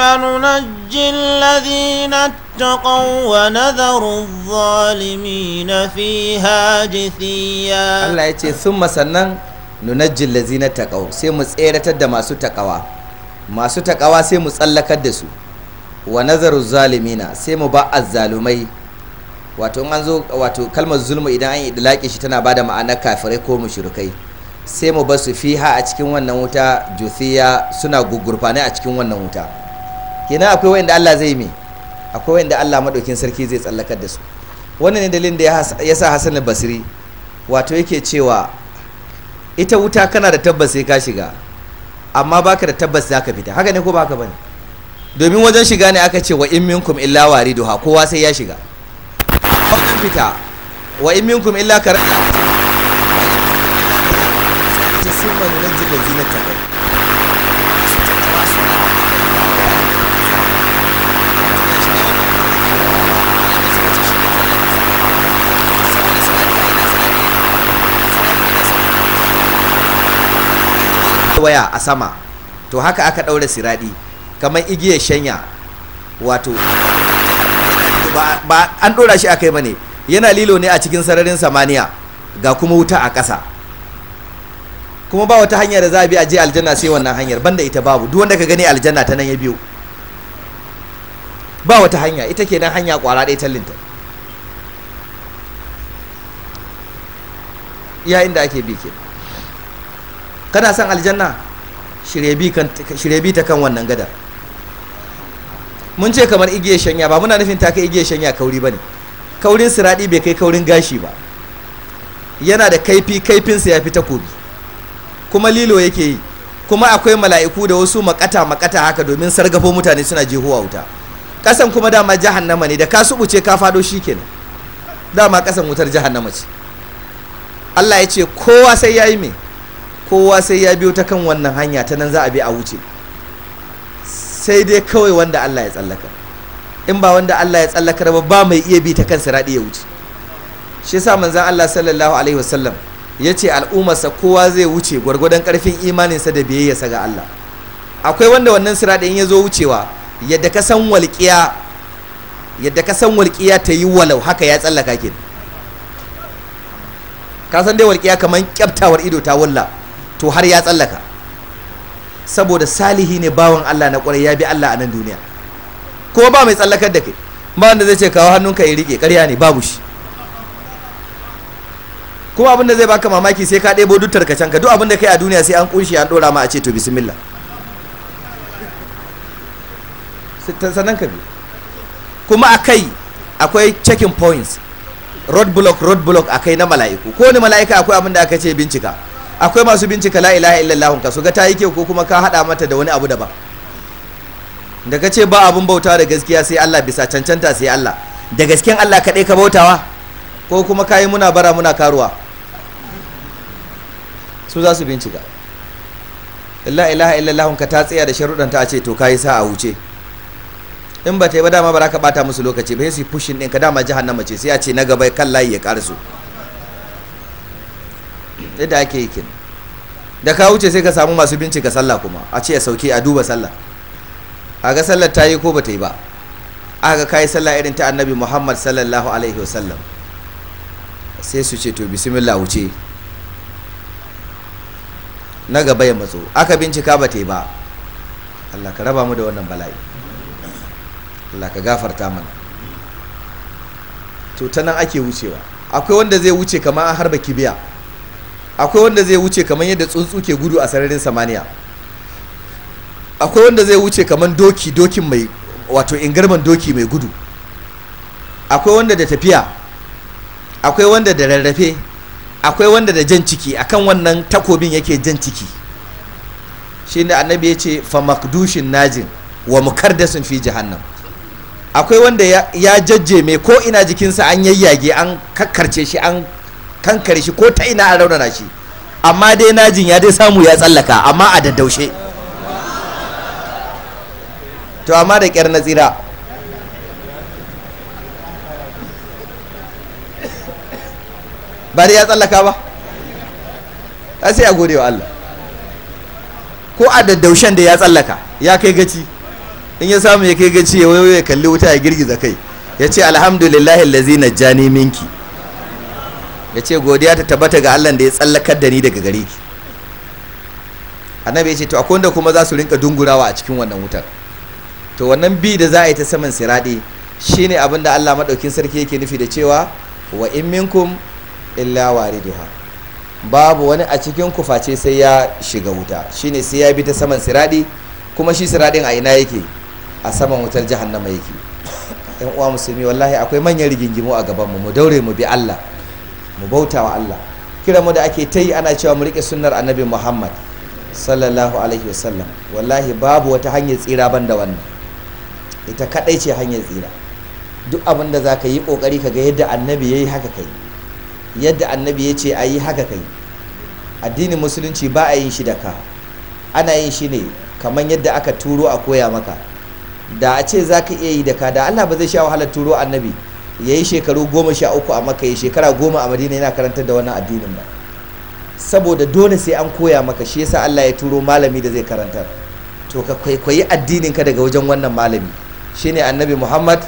اليوم ننجي الذين اتقوا ونذر الظالمين فيها جثيا الله يتي ثم سنن nunajjin lazina taqaw sai mu tseratar da masu takawa masu takawa sai mu tsallakar da su wa nazaru zalimina sai mu ba azzalumai wato an zo wato kalmar zulmu idan an idlaki shi tana bada ma'anar kafirai ko mushrikai sai mu ba su fiha a cikin wannan wuta juthiya suna gugurfane a cikin wannan wuta kenan akwai wanda Allah zai mai akwai wanda Allah madaukin sarki zai tsallakar da su wannan ne dalilin da ya sa Hassan Basri wato yake cewa ita wuta kana da tabbas sai ka shiga amma baka da tabbas za ka fita haka ne ko baka bane domin wajen shiga ne aka ce wa in minkum illa wariduha kowa sai ya shiga wajen fita wa in minkum illa karata sun manu na jiga zinar takai waya a sama to haka aka ɗaura siraɗi kamar igiyar shanya wato ba an ɗora shi a kai bane yana lilo ne a cikin sararin samaniya ga kuma wuta a ƙasa kuma ba wata hanyar da za a bi a je aljanna sai wannan hanyar banda ita babu duk wanda ka gani aljanna ta nan ya biyo ba wata hanya ita kenan hanya kwara ɗaya tallinta ya inda ake bi kenan kana san aljanna shirye bi ta kan wannan gadar mun ce kamar igiyar shanya ba muna nufin ta kai igiyar shanya kauri ba ne kaurin siraɗi bai kai kaurin gashi ba yana da kaifi kaifinsa ya fi takobi kuma lilo yake yi kuma akwai mala'iku da wasu makata makata haka domin sargafo mutane suna huwa wuta kasan kuma dama jahannama ne da ka subuce ka fado shikenan dama kasan wutar jahannama ce Allah ya ce kowa sai yayi mai kowa sai ya biyo ta kan wannan hanya ta nan za a bi a wuce sai dai kawai wanda Allah ya tsallaka in ba wanda Allah ya tsallaka ba ba mai iya bi ta kan siradi ya wuce shi yasa manzon Allah sallallahu alaihi wasallam yace al'ummarsa kowa zai wuce gwargwadon karfin imaninsa da ya ga Allah akwai wanda wannan siradi in ya zo wucewa yadda ka san walƙiya yadda ka san ta yi walau haka ya tsallaka ke ka san dai walƙiya kamar kyaftawar ido ta wulla to har ya tsallaka saboda salihi ne bawan Allah na kwarai ya bi Allah a nan duniya ko ba mai tsallakar da kai ba wanda zai ce kawo hannunka ya rike ƙarya ne babu shi kuma abin da zai baka mamaki sai ka ɗebo ka canka duk abin da kai a duniya sai an kunshi an ɗora ma a ce to bismillah sannan ka bi kuma a kai akwai checking points road block road block a kai na mala'iku ko ni mala'ika akwai abin da aka ce bincika akwai masu bincika la ilaha illallah ka su ga ta yi kyau ko kuma ka hada mata da wani abu daban da ka ce ba abun bauta da gaskiya sai Allah bisa cancanta sai Allah da gasken Allah kaɗai ka bautawa ko kuma kayi muna bara muna karuwa su za su bincika la ilaha illallah ka ta tsaya da sharuɗanta a ce to kayi sa a wuce in ba ta yi ba dama ba za ka bata musu lokaci ba sai su fushin ɗin ka dama jahannama ce sai a ce na gaba kan layi ya su. yadda ake yi kin da ka wuce sai ka samu masu bincika sallah kuma a ce a sauke a duba sallah a ga sallah ta yi ko ba ta yi ba a ga kayi sallah irin ta annabi muhammad sallallahu alaihi wasallam sai su ce to bismillah wuce na gaba ya matso aka bincika ba ta yi ba allah ka raba mu da wannan bala'i allah ka gafarta mana to ta nan ake wucewa akwai wanda zai wuce kamar an harba kibiya akwai wanda zai wuce kamar yadda tsuntsu ke gudu a sararin samaniya akwai wanda zai wuce kamar doki dokin mai wato ingarman doki mai gudu akwai wanda da tafiya akwai wanda da rarrafe akwai wanda da jan ciki akan wannan takobin yake jan ciki shi ne annabi ya ce fa makdushin najin wa mukardasin fi jahannam akwai wanda ya jajje mai ko ina jikinsa an yayyage an kakkarce shi an kankare shi ko ta ina an raunana shi amma dai najin ya dai samu ya tsallaka amma a daddaushe to amma da kyar na tsira ba dai ya tsallaka ba ta sai a gode wa Allah ko a daddaushen da ya tsallaka ya kai gaci in ya samu ya kai gaci ya wayo ya kalli wuta ya girgiza kai ya ce alhamdulillahi lazi na jani minki ya ce godiya ta tabbata ga allah da ya tsallakar da ni daga gare ki annabi ya ce to akwai wanda kuma za su rinka dungurawa a cikin wannan wutar to wannan bi da za a yi ta saman siraɗi shine abin da allah maɗaukin sarki yake nufi da cewa wa in minkum illa wariduha babu wani a cikin ku face sai ya shiga wuta shine sai ya bi ta saman siraɗi kuma shi siradin a ina yake a saman wutar jahannama yake yan uwa musulmi wallahi akwai manyan rigingimu a gaban mu mu daure mu bi allah mu bauta wa Allah kiranmu da ake ta yi ana cewa mu riƙe sunnar annabi Muhammad sallallahu alaihi wasallam wallahi babu wata hanyar tsira ban da wannan ita kadai ce hanyar tsira duk abin da za ka yi ƙoƙari ka ga yadda annabi ya yi haka kai yadda annabi ya ce a yi haka kai addinin musulunci ba a yin shi da ka ana yin shi ne kamar yadda aka turo a koya maka da a ce za iya yi da ka da allah ba zai sha wahalar turo annabi ya yi shekaru goma sha uku a maka ya shekara goma a madina yana karantar da wannan addinin ba saboda dole sai an koya maka shi yasa allah ya turo malami da zai karantar to ka kwaikwayi addinin ka daga wajen wannan malami shine annabi muhammad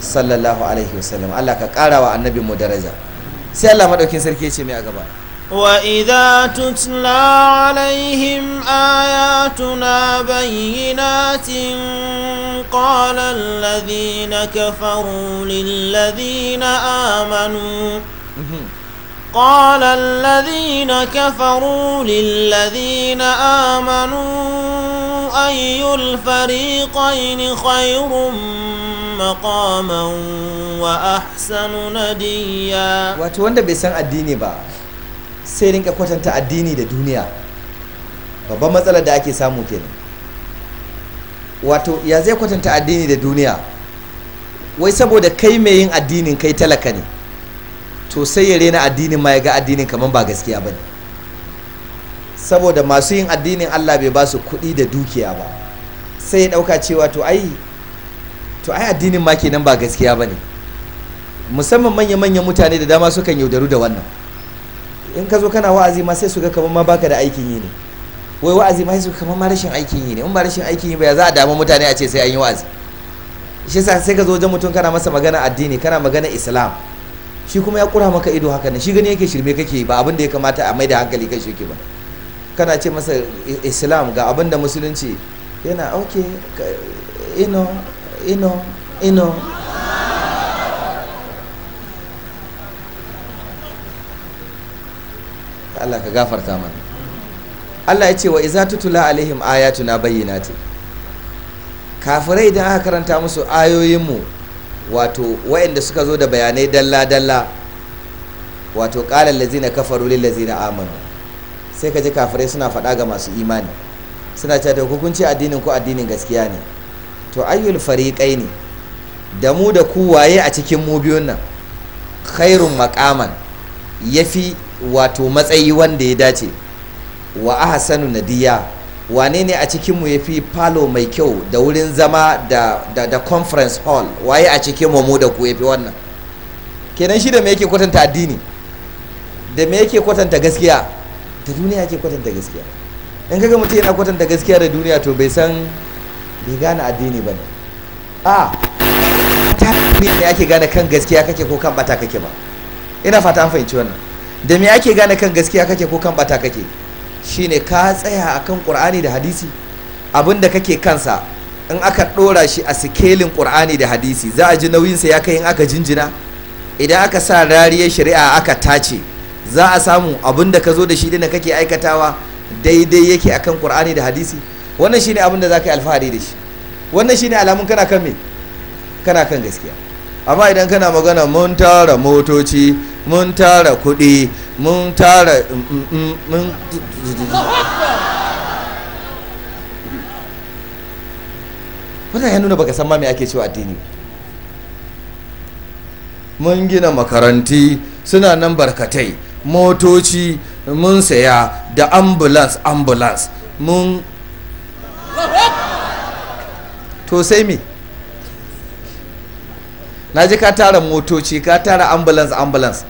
sallallahu alaihi wasallam allah ka kara wa annabin mu daraja sai allah maɗaukin sarki ya ce mai a gaba وإذا تتلى عليهم آياتنا بينات قال الذين كفروا للذين آمنوا قال الذين كفروا للذين آمنوا أي الفريقين خير مقاما وأحسن نديا وتوند بيسان الدين بقى sai rinka kwatanta addini da duniya babban matsalar da ake samu kenan wato ya zai kwatanta addini da duniya wai saboda kai mai yin addinin kai talaka ne to sai ya rena addinin ma ya ga addinin kamar ba gaskiya ba ne saboda masu yin addinin allah bai ba su kuɗi da dukiya ba sai ya ɗauka cewa to ai to ai addinin ma kenan ba gaskiya ba ne musamman manya-manyan mutane da dama sukan yaudaru da wannan in ka zo kana wa'azi ma sai su ga kamar ma baka da aikin yi ne wai wa'azi ma sai su kamar ma rashin aikin yi ne in ba rashin aikin yi ba ya za a damu mutane a ce sai an yi wa'azi shi yasa sai ka zo wajen mutum kana masa magana addini kana magana islam shi kuma ya kura maka ido haka ne shi gani yake shirme kake ba abin da ya kamata a mai da hankali kan shi ba kana ce masa islam ga abin da musulunci yana ok ino ino ino Allah ka gafarta mana Allah ya ce wa iza tutula alaihim ayatuna bayyinati kafirai idan aka karanta musu ayoyinmu wato wayanda suka zo da bayanai dalla dalla wato qala allazina kafaru lil ladzina amanu sai ka ji kafirai suna faɗa ga masu imani suna cewa hukunci addinin ku addinin gaskiya ne to ayyul fariqai ne da mu da ku waye a cikin mu biyun nan khairun maqaman yafi wato matsayi wanda ya dace wa ahsanu nadiya wane ne a cikinmu ya fi falo mai kyau da wurin zama da, da, da conference hall waye a cikin mu da ku ya fi wannan kenan shi da me yake kwatanta addini da me yake kwatanta gaskiya da duniya yake kwatanta gaskiya in kaga mutum yana kwatanta gaskiya da duniya to bai san bai gane addini ba ne a ta ne yake gane kan gaskiya kake ko kan bata kake ba ina fata an fahimci wannan da me ake gane kan gaskiya kake ko kan bata kake shine ka tsaya akan qur'ani da hadisi abin da kake kansa in aka dora shi a sikelin qur'ani da hadisi za a ji nauyinsa ya kai in aka jinjina idan aka sa rariyar shari'a aka tace za a samu abin da ka zo da shi da kake aikatawa daidai yake akan qur'ani da hadisi wannan shine abin da za ka yi alfahari da shi wannan shine alamun kana kan gaskiya amma idan kana magana mun tara motoci mun tara kudi mun tara mm, mm, mm, mun wannan ya nuna baka san ma me ake cewa addini mun gina makaranti suna nan barkatai motoci mun saya da ambulance ambulance mun to sai me na ji ka tara motoci ka tara ambulance ambulance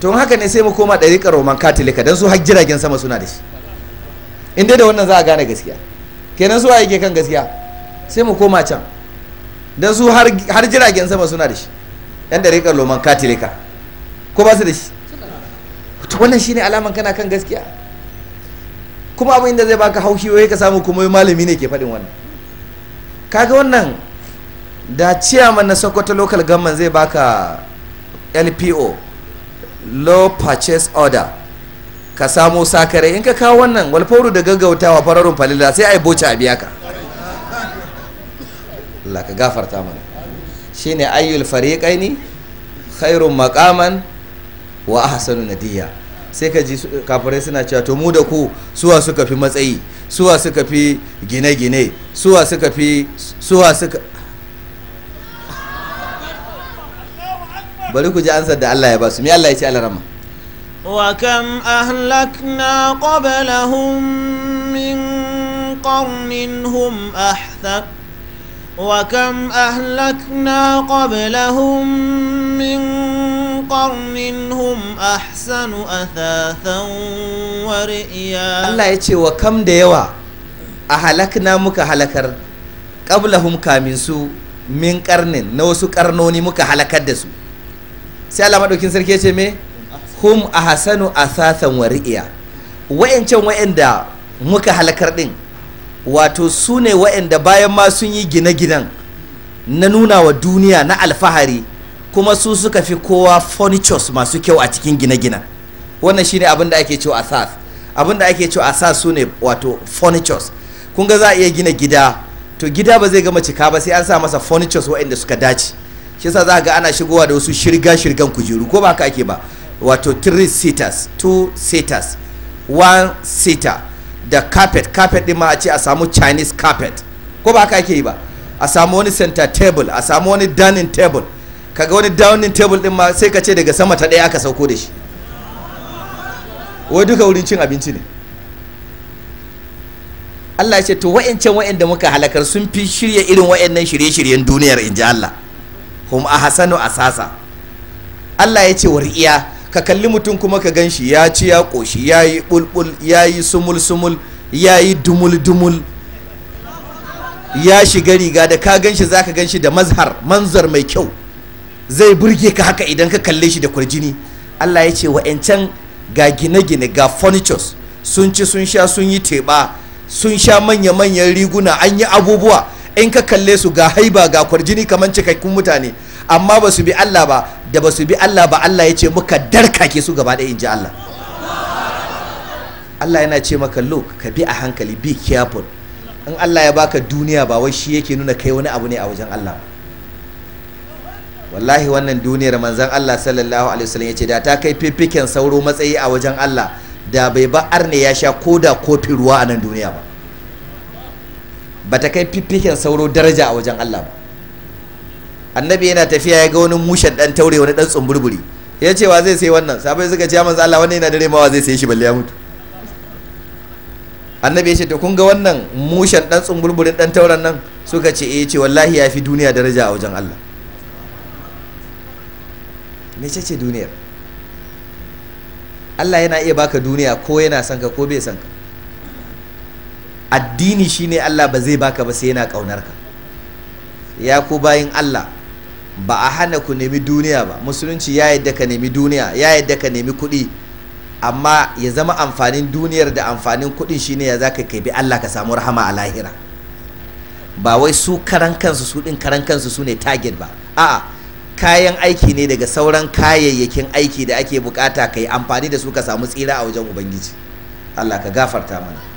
to haka ne sai mu koma ɗariƙar roman katolika don su har jiragen sama suna da shi in dai da wannan za a gane gaskiya kenan su waye ke kan gaskiya sai mu koma can don su har jiragen sama suna da shi yan ɗariƙar roman katolika ko ba su da shi to wannan shine alaman kana kan gaskiya kuma abin da zai baka haushi wai ka samu kuma malami ne ke faɗin wannan kaga wannan da ciyaman na sokoto local government zai baka lpo low purchase order ka samu sakare in ka kawo wannan walfauru da gaggautawa fararun falila sai a yi boce a biya ka Allah ka gafarta mana shine ayyul fariqaini khairun maqaman wa ahsanu nadiya sai ka ji kafirai suna cewa to mu da ku suwa suka fi matsayi suwa suka fi gine-gine suwa suka fi suwa suka bari ku ji ansar da Allah ya ba su mi Allah ya ce alarama wa kam ahlakna qablahum min qarnin hum ahthaq wa kam ahlakna qablahum min qarnin hum ahsanu athathan wa ri'ya Allah ya ce wa kam da yawa ahlakna muka halakar qablahum kamin su min karnin na wasu karnoni muka halakar da su sai Allah madaukin sarki ya ce me hum ahsanu asasan wa ri'ya wayancan wayanda muka halakar din wato sune ne bayan ma sun yi gine-ginen na nuna wa duniya na alfahari kuma su suka fi kowa furnitures masu kyau a cikin gine-ginen wannan shine abin da ake cewa asas abin da ake cewa asas sune wato furnitures kun ga za a iya gina gida to gida ba zai gama cika ba sai an sa masa furnitures waɗanda suka dace shi yasa za ga ana shigowa da wasu shirga shirgan kujeru ko ba haka ake ba wato 3 seaters 2 seaters 1 seater da carpet carpet din ma a ce a samu chinese carpet ko ba haka ake yi ba a samu wani center table a samu wani dining table kaga wani dining table din ma sai ka ce daga sama ta daya aka sauko da shi wai duka wurin cin abinci ne Allah ya ce to wa'ancan wa'anda muka halakar sun fi shirya irin wa'annan shirye-shiryen duniyar inji Allah hum a asasa Allah ya ce war'iya ka kalli mutum kuma ka gan shi ya ci ya ƙoshi ya yi ɓulɓul ya yi sumul-sumul ya yi dumul-dumul ya shiga riga da ka gan shi za ka gan shi da mazhar manzar mai kyau zai burge ka haka idan ka kalle shi da kwarjini Allah ya ce wa'yancan ga gine-gine ga furnitures sun ci sun sha sun yi teɓa sun sha manya-manyan riguna an yi abubuwa in ka kalle su ga haiba ga kwarjini kamar cikakkun mutane amma ba su bi Allah ba da ba su bi Allah ba Allah ya ce muka darkake su gaba ɗaya in ji Allah Allah yana ce maka look ka bi a hankali be careful in Allah ya baka duniya ba wai shi yake nuna kai wani abu ne a wajen Allah wallahi wannan duniyar manzon Allah sallallahu alaihi wasallam yace da ta kai fifiken sauro matsayi a wajen Allah da bai ba arne ya sha koda kofin ruwa a nan duniya ba ba ta kai fiffiken sauro daraja a wajen Allah ba annabi yana tafiya ya ga wani mushen dan taure wani dan tsumburburi ya ce wa zai sai wannan sabai suka ce manzo Allah wannan yana dare wa zai sai shi balle ya mutu annabi ya ce to kun ga wannan mushen dan tsumburburin dan tauren nan suka ce eh ce wallahi ya fi duniya daraja a wajen Allah mece ce duniyar Allah yana iya baka duniya ko yana son ka ko bai son ka addini shine Allah ba zai baka ba sai yana kaunar ka ya ku bayin Allah ba a hana ku nemi duniya ba musulunci ya yadda ka nemi duniya ya yadda ka nemi kuɗi amma ya zama amfanin duniyar da amfanin kuɗin shine ya zaka kai bi Allah ka samu rahama a lahira ba wai su karan kansu su ɗin karan kansu su ne target ba a'a kayan aiki ne daga sauran kayayyakin aiki da ake bukata ka yi amfani da su ka samu tsira a wajen ubangiji Allah ka gafarta mana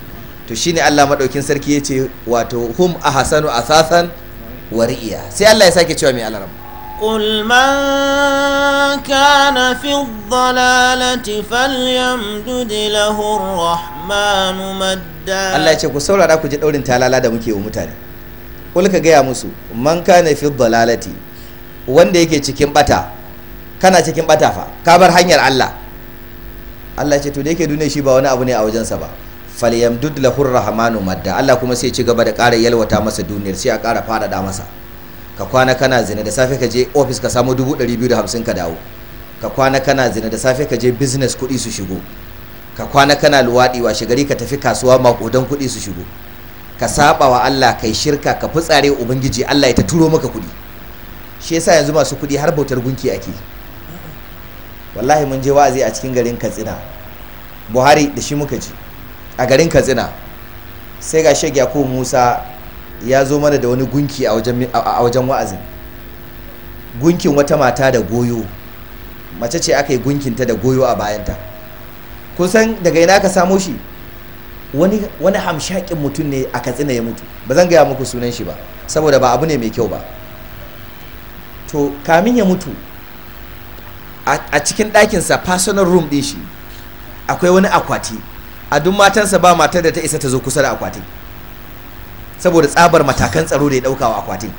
to shi ne Allah madaukin sarki ya ce wato hum a ahsanu a sassan ri'iya sai Allah ya sake cewa mai alaram قل من كان في الضلالة فليمدد له الرحمن Allah ya ce ku saurara ku ji daurin talala da muke wa mutane kul ka gaya musu man kana fi dalalati wanda yake cikin bata kana cikin ɓata fa ka bar hanyar Allah Allah ya ce to da yake duniya shi ba wani abu ne a wajensa ba falyamdud lahu rahmanu madda Allah kuma sai ci gaba da ƙara yalwata masa duniyar sai a ƙara da masa ka kwana kana zina da safe ka je office ka samu 250 ka dawo ka kwana kana zina da safe ka je business kuɗi su shigo ka kwana kana luwaɗi washe gari ka tafi kasuwa maƙudan kuɗi su shigo ka saba wa Allah kai shirka ka fitsare ubangiji Allah ya ta turo maka kuɗi shi yasa yanzu masu kuɗi har bautar gunki ake wallahi mun je wa'azi a cikin garin Katsina Buhari da shi muka ji a garin katsina sai ga shek yakubu musa ya zo mana da wani gunki a wajen wa'azin gunkin wata mata da goyo mace ce aka yi gunkinta da goyo a bayanta kun san daga ina ka samo shi wani wani hamshakin mutum ne a katsina ya mutu ba zan gaya muku sunan shi ba saboda ba abu ne mai kyau ba to kamin ya mutu a cikin ɗakinsa personal room ɗin shi akwai wani akwati a duk matansa ba matar da ta isa ta zo kusa da akwatin saboda tsabar matakan tsaro da ya ɗauka wa akwatin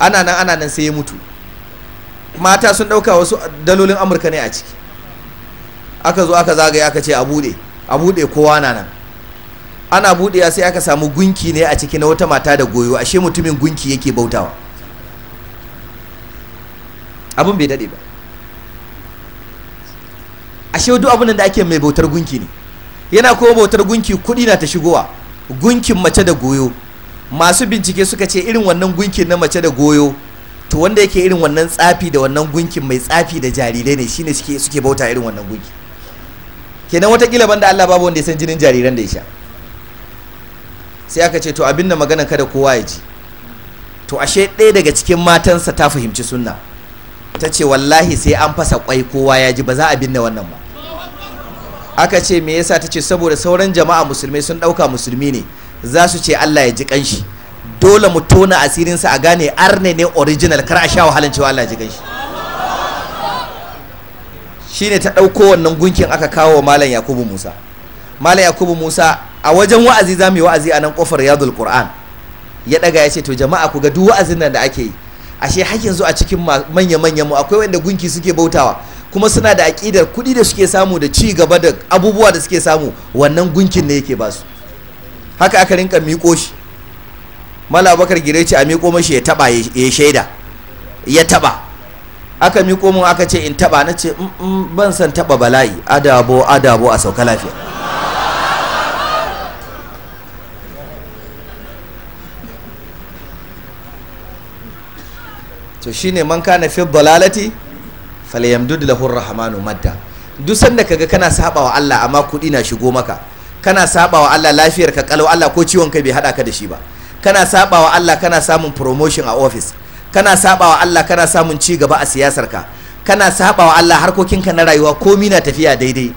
ana nan ana nan sai ya mutu mata sun ɗauka wasu dalolin amurka ne a ciki aka zo aka zagaya aka ce a buɗe a kowa na nan ana buɗe sai aka samu gunki ne a ciki na wata mata da goyo ashe mutumin gunki yake bautawa abin bai daɗe ba ashe duk abin da ake mai bautar gunki ne yana kuma bautar gunki kuɗi na ta shigowa gunkin mace da goyo masu bincike suka ce irin wannan gunkin na mace da goyo to wanda yake irin wannan tsafi da wannan gunkin mai tsafi da jarirai ne shine suke suke bauta irin wannan gunki kenan watakila banda Allah babu wanda ya san jinin jariran da ya sha sai aka ce to abin da magana kada kowa ya ji to ashe ɗaya daga cikin matansa ta fahimci sunna ta ce wallahi sai an fasa kwai kowa ya ji ba za a binne wannan ba aka ce me yasa ta ce saboda sauran jama'a musulmai sun ɗauka musulmi ne za su ce Allah ya ji kanshi dole mu tona asirinsa a gane arne ne original kar a sha wahalan cewa Allah ya ji kanshi shine ta ɗauko wannan gunkin aka kawo wa malam yakubu musa malam yakubu musa a wajen wa'azi za mu yi wa'azi a nan kofar yadul qur'an ya daga ya ce to jama'a ku ga duk wa'azin nan da ake yi ashe har yanzu a cikin manya manyan mu akwai wanda gunki suke bautawa kuma suna da aƙidar kuɗi da suke samu da ci gaba da abubuwa da suke samu wannan gunkin ne yake ba su haka aka rinka miƙo shi mala bakar gire ce a miƙo mashi ya taɓa ya shaida ya taɓa aka miƙo mun aka ce in taɓa na ce mm, mm, ban san taɓa bala'i adabo adabo a sauka lafiya to shine man kana fi balalati. falyamdud lahu rahmanu madda duk sanda kaga kana saba wa Allah amma kudi na shigo maka kana saba wa Allah lafiyar ka kalau Allah ko ciwon kai bai hada ka da shi ba kana saba wa Allah kana samun promotion a office kana saba wa Allah kana samun ci gaba a siyasar ka kana saba wa Allah harkokinka na rayuwa komi na tafiya daidai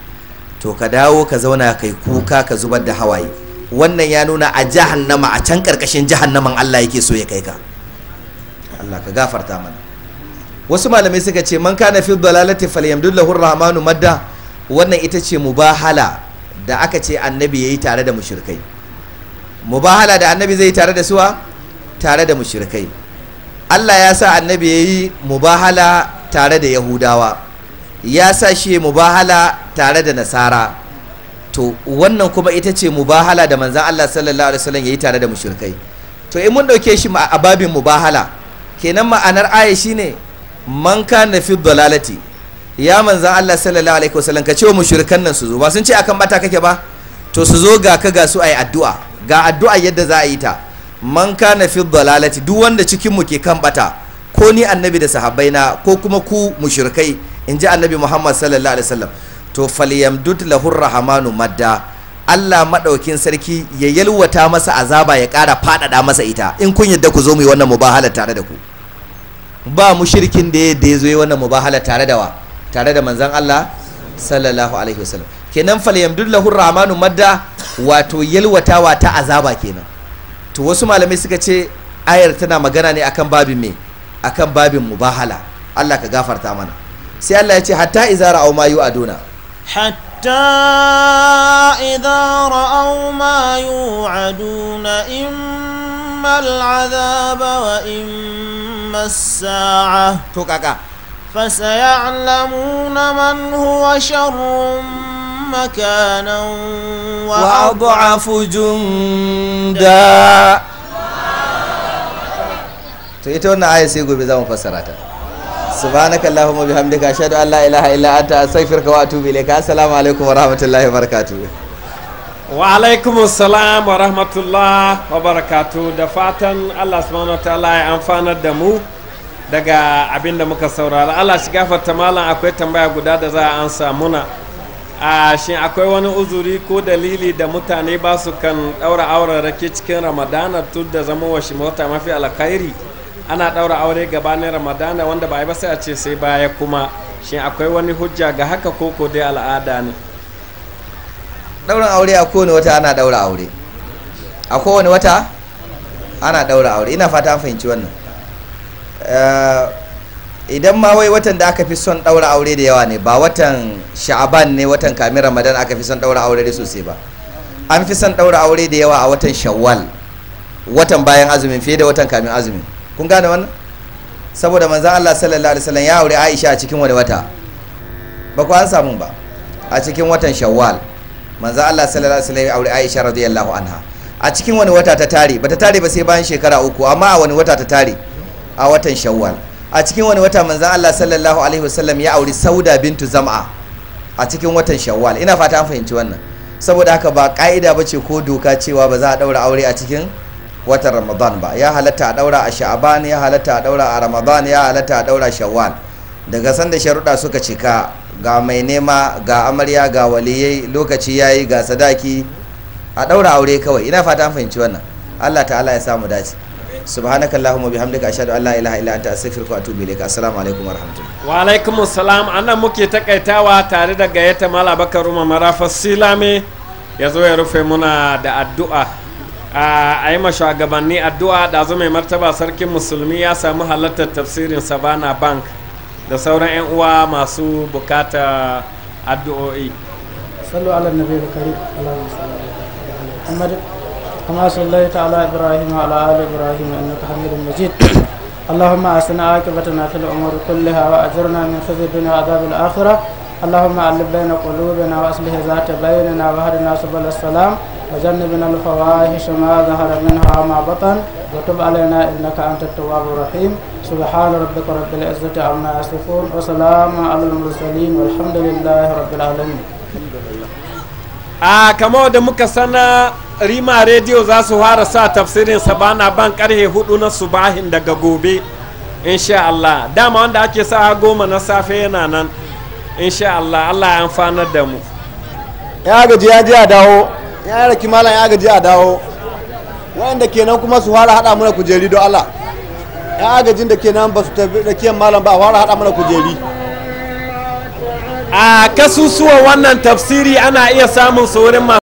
to ka dawo ka zauna kai kuka ka zubar da hawaye wannan ya nuna a jahannama a can karkashin jahannaman Allah yake so ya kai ka Allah ka gafarta mana wasu malamai suka ce man kana fi dalalati lahu rahmanu madda wannan ita ce mubahala da aka ce annabi yayi tare da mushrikai mubahala da annabi zai tare da suwa tare da mushrikai Allah ya sa annabi yayi mubahala tare da yahudawa ya sa shi mubahala tare da nasara to wannan kuma ita ce mubahala da manzan Allah sallallahu alaihi wasallam yayi tare da mushrikai to in mun dauke shi a babin mubahala kenan ma'anar aya shine man kana fi dalalati ya manzan Allah sallallahu alaihi wasallam ka ce wa mushrikan nan su zo ba sun ce akan bata kake ba to su zo ga ka ga su ayi addu'a ga addu'a yadda za a yi ta man kana fi dalalati duk wanda cikin mu ke kan bata ko ni annabi da sahabbai ko kuma ku mushrikai in ji annabi Muhammad sallallahu alaihi wasallam to falyamdud lahur rahmanu madda Allah madaukin sarki ya yalwata masa azaba ya ƙara faɗaɗa masa ita in kun yadda ku zo mu yi wannan mubahala tare da ku ba shirkin da ya da yazo wannan mubahala tare da wa tare da manzan Allah sallallahu alaihi wasallam kenan falyamdullahu rahmanu madda wato yalwatawa ta azaba kenan to wasu malamai suka ce ayar tana magana ne akan babin me akan babin mubahala Allah ka gafarta mana sai Allah ya ce hatta izara au ma yu'aduna hatta حتى إذا رأوا aduna. in imma al'azaba wa imma sa'a to kaka فسيعلمون من هو شر مكانا وأضعف جندا to ita wannan aya sai gobe za fassara ta subhanaka allahumma bihamdika ashhadu an la ilaha illa anta astaghfiruka wa atubu ilayka assalamu alaikum wa rahmatullahi wa barakatuh wa alaikum salam wa rahmatullah wa barakatu da fatan allah subhanahu wa ta'ala ya amfanar da mu daga abin da muka saurara allah shi gafarta malam akwai tambaya guda da za a ansa muna a shin akwai wani uzuri ko dalili da mutane ba su kan daura aure rake cikin ramadana tun da zama wa shi mota mafi alkhairi ana daura aure gabanin ramadana wanda ba a yi ba sai a ce sai baya kuma shin akwai wani hujja ga haka ko ko dai al'ada ne ɗaurin aure a kowane wata ana ɗaura aure a kowane wata ana ɗaura aure ina fata an fahimci wannan eh, idan ma wai watan da aka fi son ɗaura aure da yawa ne ba watan sha'aban ne watan kamin ramadan aka fi son ɗaura aure da sosai ba an fi son ɗaura aure da yawa a watan shawwal watan bayan azumin fiye da watan kamin azumin kun gane wannan saboda manzan allah sallallahu alaihi wasallam ya aure aisha a cikin wani wata ba ku an samu ba a cikin watan shawwal manzo Allah sallallahu alaihi wasallam aure Aisha radiyallahu anha a cikin wani wata ta tare bata tare ba sai bayan shekara uku amma a wani wata ta tare a watan Shawwal a cikin wani wata manzo Allah sallallahu alaihi wasallam ya auri Sauda bintu Zam'a a cikin watan Shawwal ina fata an fahimci wannan saboda haka ba ka'ida bace ko doka cewa ba za a daura aure a cikin watan Ramadan ba ya halatta a daura a Sha'ban ya halatta a daura a Ramadan ya halatta a daura Shawwal daga sanda sharuɗa suka cika ga mai nema ga amarya ga waliyai lokaci yayi ga sadaki a ɗaura aure kawai ina fata an fahimci wannan Allah ta'ala ya samu dace subhanaka allahumma bihamdika ashhadu an la ilaha illa anta astaghfiruka wa atubu ilaik assalamu alaikum wa rahmatullahi wa alaikum assalam na muke takaitawa tare da gayyata mala bakar umar marafa silame ya zo ya rufe muna da addu'a a yi ma shugabanni addu'a da zo mai martaba sarkin musulmi ya samu halartar tafsirin savannah bank da sauran 'yan uwa masu bukata addu'o'i sallu ala nabi bakari alaihi wasallam muhammad كما صليت على ابراهيم وعلى ال ابراهيم انك حميد مجيد اللهم احسن عاقبتنا في الامور كلها واجرنا من خزي الدنيا وعذاب الاخره اللهم ألف بين قلوبنا وأصلح ذات بيننا وهدنا سبل السلام وجنبنا الفواحش ما ظهر منها وما بطن وتب علينا إنك أنت التواب الرحيم سبحان ربك رب العزة عما يصفون وسلام على المرسلين والحمد لله رب العالمين Ah, kama da muka sana rima radio za su fara sa tafsirin sabana ban karhe hudu na subahin daga gobe insha Allah dama wanda ake sa goma na safe yana nan insha Allah Allah ya amfana da mu ya gaji ya ji a dawo ya raki malam ya gaji a dawo wanda kenan kuma su fara hada mana kujeri don Allah ya agajin da ke nan ba su tafi rakiyar malam ba a fara hada mana kujeri a kasusuwa wannan tafsiri ana iya samun saurin ma